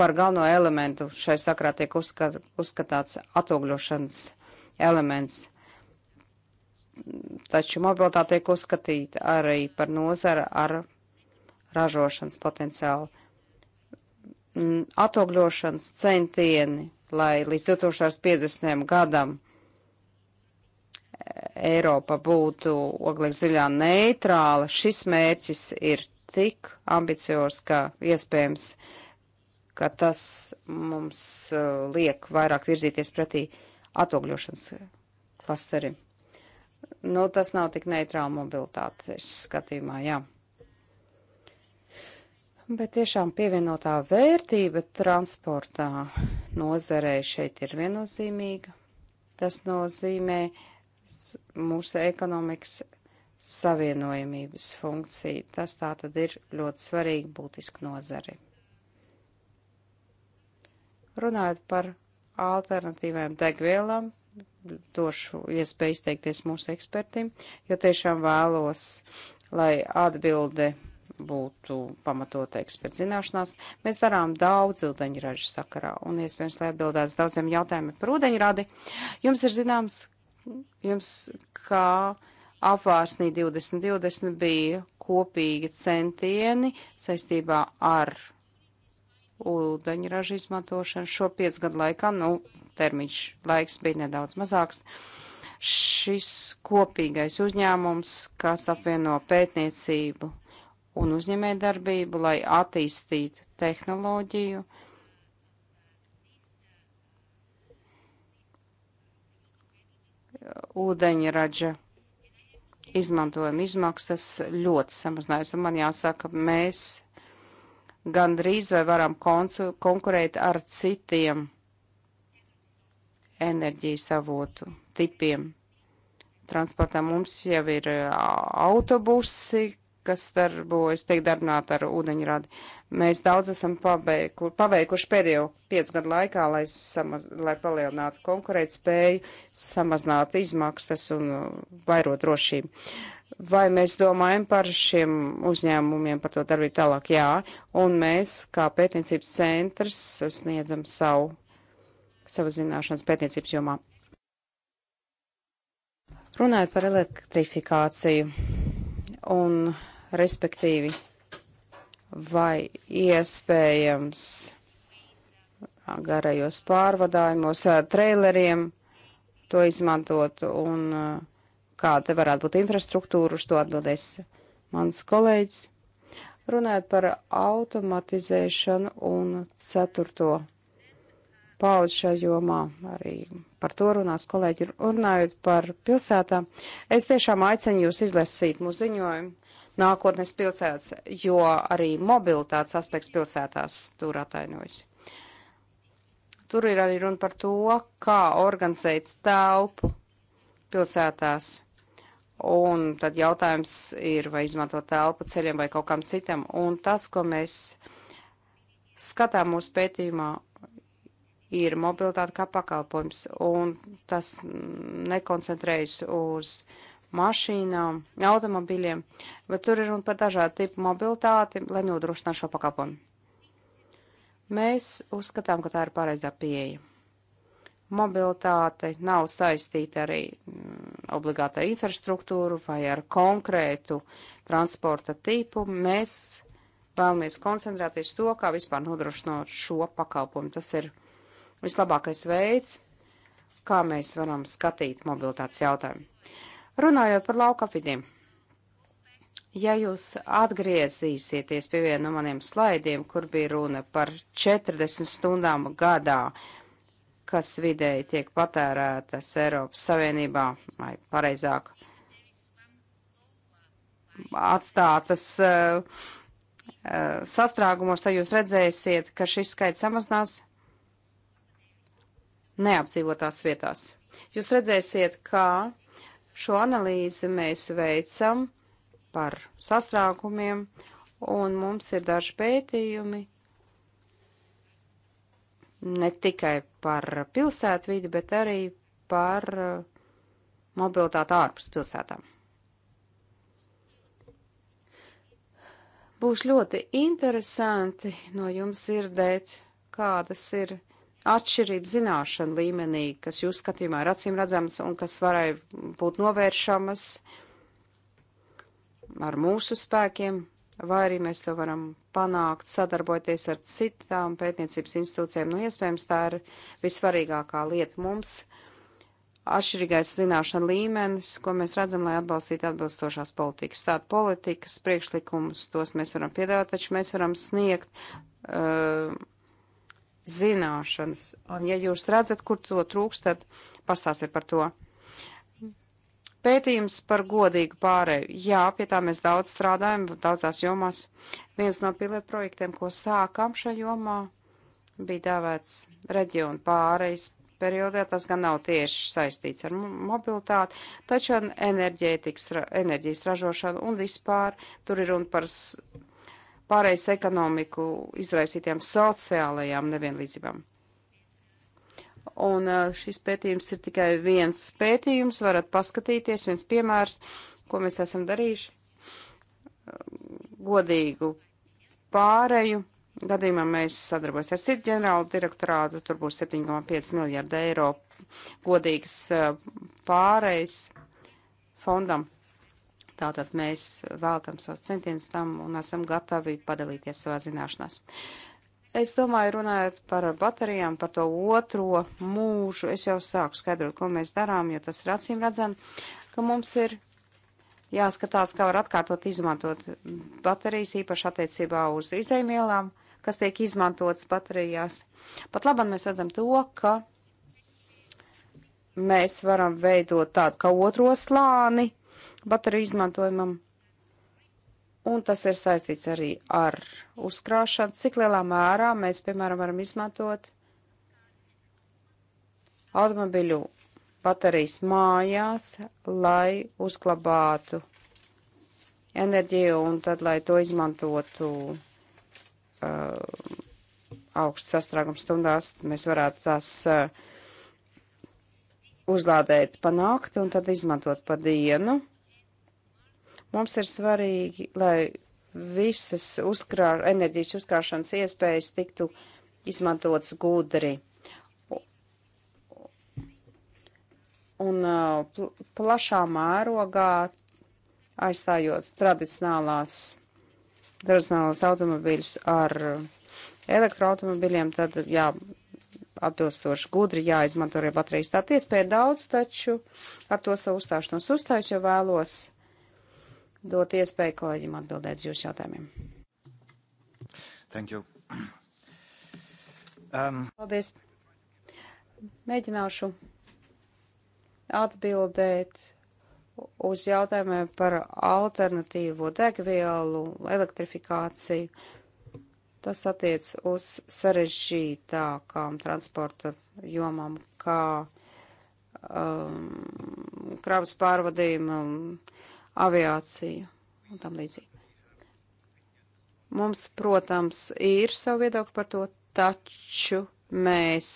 par galveno elementu šai sakrā tiek uzskat, uzskatāts atogļošanas elements taču mobilitāte tiek uzskatīta arī par nozara ar ražošanas potenciālu. Mm, atogļošanas centieni, lai līdz 2050. gadam Eiropa būtu oglīgi ziļā neitrāla, šis mērķis ir tik ambiciozs, ka iespējams, ka tas mums uh, liek vairāk virzīties pretī atogļošanas klasterim nu, tas nav tik neitrāla mobilitātes skatījumā, jā. Bet tiešām pievienotā vērtība transportā nozarei šeit ir viennozīmīga. Tas nozīmē mūsu ekonomikas savienojamības funkciju. Tas tā tad ir ļoti svarīgi būtiski nozari. Runājot par alternatīvām degvielām, došu iespēju izteikties mūsu ekspertim, jo tiešām vēlos, lai atbilde būtu pamatota eksperta zināšanās. Mēs darām daudz ūdeņražu sakarā, un iespējams, lai atbildētu daudziem jautājumiem par ūdeņradi, jums ir zināms, jums kā apvārsnī 2020 bija kopīgi centieni saistībā ar ūdeņraža izmantošanu šo piecu gadu laikā, nu, termiņš laiks bija nedaudz mazāks. Šis kopīgais uzņēmums, kas apvieno pētniecību un uzņēmē darbību, lai attīstītu tehnoloģiju, ūdeņraža izmantojuma izmaksas ļoti samazinājas. Un man jāsaka, mēs gan drīz vai varam konkurēt ar citiem enerģijas avotu tipiem. Transportā mums jau ir autobusi, kas darbojas, tiek darbināta ar ūdeņradi. Mēs daudz esam paveiku, paveikuši pēdējo piecu gadu laikā, lai, samaz, lai palielinātu konkurētspēju, samazinātu izmaksas un vairot drošību. Uh, vai mēs domājam par šiem uzņēmumiem, par to darbību tālāk, jā, un mēs, kā pētniecības centrs, sniedzam savu, savu zināšanas pētniecības jomā. Runājot par elektrifikāciju un respektīvi, vai iespējams garajos pārvadājumos, traileriem to izmantot un uh, kāda varētu būt infrastruktūra, uz to atbildēs mans kolēģis. Runājot par automatizēšanu un ceturto paudzi šajā jomā, arī par to runās kolēģi. Runājot par pilsētām, es tiešām aicinu jūs izlasīt mūsu ziņojumu nākotnes pilsētas, jo arī mobilitātes aspekts pilsētās tur atainojas. Tur ir arī runa par to, kā organizēt telpu pilsētās. Un tad jautājums ir, vai izmantot telpu ceļiem vai kaut kam citam. Un tas, ko mēs skatām mūsu pētījumā, ir mobilitāte kā pakalpojums. Un tas nekoncentrējas uz mašīnām, automobiļiem, bet tur ir un par dažādu tipu mobilitāti, lai nodrošinātu šo pakalpojumu. Mēs uzskatām, ka tā ir pareizā pieeja. Mobilitāte nav saistīta arī mm, obligātā infrastruktūru vai ar konkrētu transporta tipu, mēs vēlamies koncentrēties to, kā vispār nodrošināt šo pakalpojumu. Tas ir vislabākais veids, kā mēs varam skatīt mobilitātes jautājumu. Runājot par laukafidiem, ja jūs atgriezīsieties pie viena no maniem slaidiem, kur bija runa par 40 stundām gadā kas vidēji tiek patērētas Eiropas Savienībā, vai pareizāk atstātas uh, eh, uh, eh, sastrāgumos, tad jūs redzēsiet, ka šis skaits samazinās neapdzīvotās vietās. Jūs redzēsiet, kā šo analīzi mēs veicam par sastrāgumiem, un mums ir daži pētījumi, ne tikai par pilsētvidi, bet arī par uh, mobilitāti ārpus pilsētām. Būs ļoti interesanti no jums dzirdēt, kādas ir atšķirības zināšanu līmenī, kas jūs skatījumā ir acīm redzamas un kas varēja būt novēršamas ar mūsu spēkiem, vai arī mēs to varam panākt sadarbojoties ar citām pētniecības institūcijām. Nu, iespējams, tā ir visvarīgākā lieta mums atšķirīgais zināšana līmenis, ko mēs redzam, lai atbalstītu atbilstošās politikas. Tātad politikas priekšlikumus, tos mēs varam piedāvāt, taču mēs varam sniegt uh, zināšanas. Un ja jūs redzat, kur to trūkst, tad pastāstiet par to. Pētījums par godīgu pārēju. Jā, pie tā mēs daudz strādājam, daudzās jomās. Viens no pilotu projektiem, ko sākām šajā jomā, bija dēvēts reģionu pārējas periodā. Tas gan nav tieši saistīts ar mobilitāti, taču ar enerģijas ražošanu un vispār tur ir runa par pārējais ekonomiku izraisītiem sociālajām nevienlīdzībām. Un uh, šis pētījums ir tikai viens pētījums, varat paskatīties, viens piemērs, ko mēs esam darījuši. Godīgu pāreju gadījumā mēs sadarbojamies ar citu ģenerālu direktorātu, tur būs 7,5 miljārda eiro godīgas uh, pārejas fondam. Tātad mēs veltam savus centienus tam un esam gatavi padalīties savā zināšanās. Uh, Es domāju, runājot par baterijām, par to otro mūžu, es jau sāku skaidrot, ko mēs darām, jo tas ir acīm redzami, ka mums ir jāskatās, kā var atkārtot izmantot baterijas, īpaši attiecībā uz izējmielām, kas tiek izmantotas baterijās. Pat labam mēs redzam to, ka mēs varam veidot tādu kā otro slāni bateriju izmantojumam un tas ir saistīts arī ar uzkrāšanu, cik lielā mērā mēs, piemēram, varam izmantot automobiļu baterijas mājās, lai uzklabātu enerģiju un tad, lai to izmantotu uh, augsts sastrāguma stundās, mēs varētu tās uh, uzlādēt pa nakti un tad izmantot pa dienu. Mums ir svarīgi, lai visas uzkrā, enerģijas uzkrāšanas iespējas tiktu izmantotas gudri. Un uh, pl plašā mērogā aizstājot tradicionālās, tradicionālās automobīļus ar elektroautomobiļiem, tad jā, atbilstoši gudri jāizmanto arī baterijas. Tā iespēja ir daudz, taču ar to savu uzstāšanos uzstājas, jo vēlos dot iespēju kolēģim atbildēt uz jūsu jautājumiem. Thank you. Um... Paldies. Mēģināšu atbildēt uz jautājumiem par alternatīvo degvielu, elektrifikāciju. Tas attiec uz sarežģītākām transporta jomām, kā um, kravas pārvadījuma, um, aviāciju un tam līdzīgi. Mums, protams, ir savu viedokli par to, taču mēs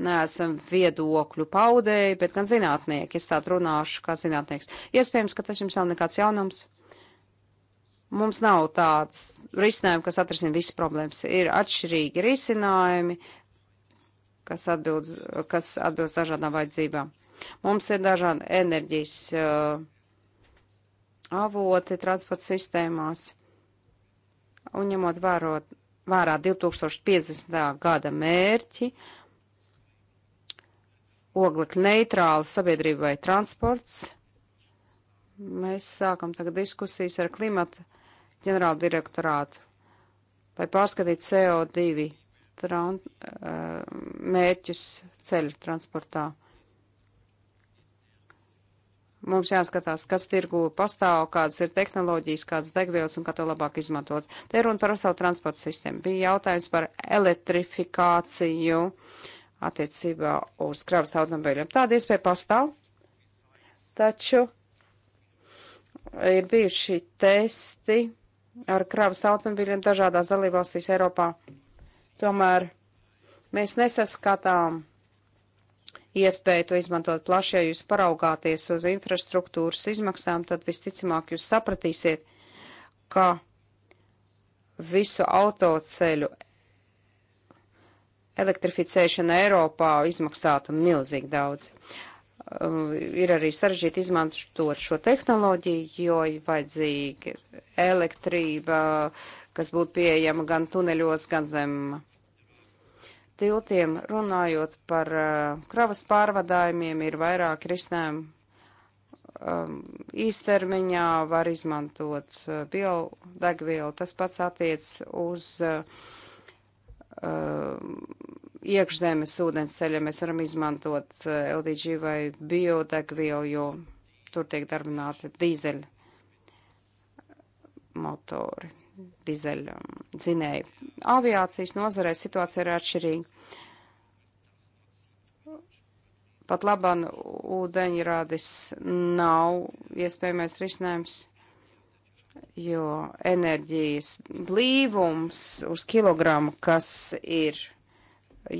neesam viedokļu paudēji, bet gan zinātnieki. Es tādu runāšu kā zinātnieks. Iespējams, ka tas jums nav nekāds jaunums. Mums nav tādas risinājumi, kas atrisina visas problēmas. Ir atšķirīgi risinājumi, kas atbilst, kas atbilst dažādām vajadzībām. Mums ir dažādi enerģijas uh, avoti transporta sistēmās. Un ņemot vērot, vērā 2050. gada mērķi, oglekļa neitrāla sabiedrība vai transports, mēs sākam tagad diskusijas ar klimata ģenerālu direktorātu, lai pārskatītu CO2 tran, eh, mērķus ceļu transportā. Mums jāskatās, kas tirgu pastāv, kādas ir tehnoloģijas, kādas degvielas un kā to labāk izmantot. Te runa par veselu transporta sistēmu. Bija jautājums par elektrifikāciju attiecībā uz kravas automobīļiem. Tāda iespēja pastāv, taču ir bijuši testi ar kravas automobīļiem dažādās dalībvalstīs Eiropā. Tomēr mēs nesaskatām iespēju to izmantot plaši, ja jūs paraugāties uz infrastruktūras izmaksām, tad visticamāk jūs sapratīsiet, ka visu autoceļu elektrificēšana Eiropā izmaksātu milzīgi daudz. Uh, ir arī sarežģīti izmantot šo tehnoloģiju, jo ir vajadzīga elektrība, kas būtu pieejama gan tuneļos, gan zem tiltiem runājot par uh, kravas pārvadājumiem, ir vairāk risinājumu. Um, īstermiņā var izmantot uh, eh, biodegvielu. Tas pats attiec uz uh, uh, iekšzemes ūdensceļiem. Mēs varam izmantot uh, LDG vai biodegvielu, jo tur tiek darbināti dīzeļu motori dizeļdzinēju um, aviācijas nozarē situācija ir atšķirīga. Pat laban ūdeņradis nav iespējamais risinājums, jo enerģijas blīvums uz kilogramu, kas ir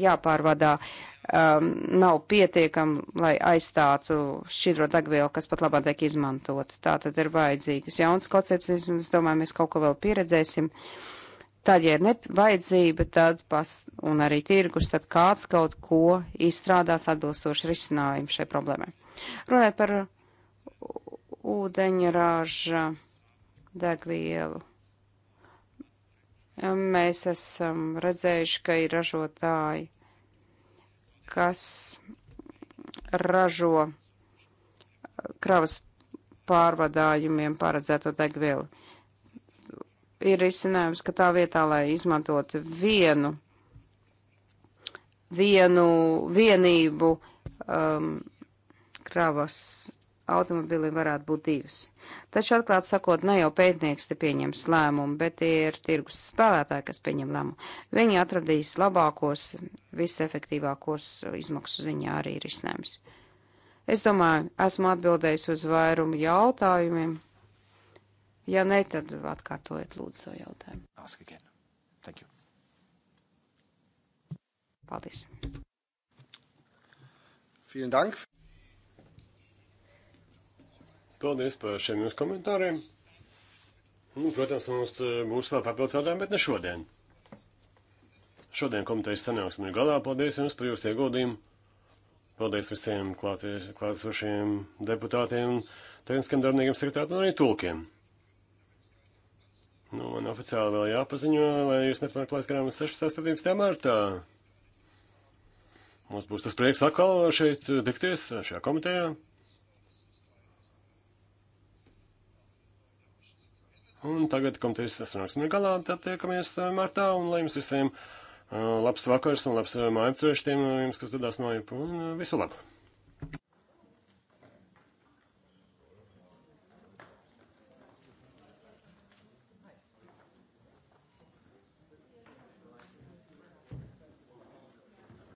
jāpārvadā, uh, um, nav pietiekama, lai aizstātu šķidro degvielu, kas pat labāk tiek izmantot. Tā tad ir vajadzīgas jaunas koncepcijas, un es domāju, mēs kaut ko vēl pieredzēsim. Tad, ja ir vajadzība, tad pas, un arī tirgus, tad kāds kaut ko izstrādās atbilstoši risinājumu šai problēmai. Runājot par ūdeņrāža degvielu. Mēs esam redzējuši, ka ir ražotāji, kas ražo uh, kravas pārvadājumiem paredzēto degvielu. Ir izcinājums, ka tā vietā, lai izmantot vienu, vienu vienību um, kravas automobilim, varētu būt divas. Taču, atklāt sakot, ne jau pētnieks te pieņems lēmumu, bet tie ir tirgus spēlētāji, kas pieņem lēmumu. Viņi atradīs labākos, visefektīvākos izmaksu ziņā arī risinājums. Es domāju, esmu atbildējis uz vairumu jautājumiem. Ja ne, tad atkārtojiet lūdzu savu jautājumu. Ask again. Thank you. Paldies. Vielen Dank. Paldies par šiem jūsu komentāriem. Nu, protams, mums e, būs vēl papildus jautājumi, bet ne šodien. Šodien komitejas sanāksme ir galā. Paldies jums par jūsu ieguldījumu. Paldies visiem klātesošiem deputātiem, tehniskiem darbiniekiem, sekretāriem un arī tulkiem. Nu, man oficiāli vēl jāpaziņo, lai jūs nepārklājat garām 16. 17. martā. Mums būs tas prieks atkal šeit tikties, šajā komitejā. Un tagad, kam tas ir sanāksim ir galā, tad tiekamies eh, martā un lai jums visiem eh, labs vakars un labs eh, mājapceļš tiem jums, kas dodas no Japānas un visu labu!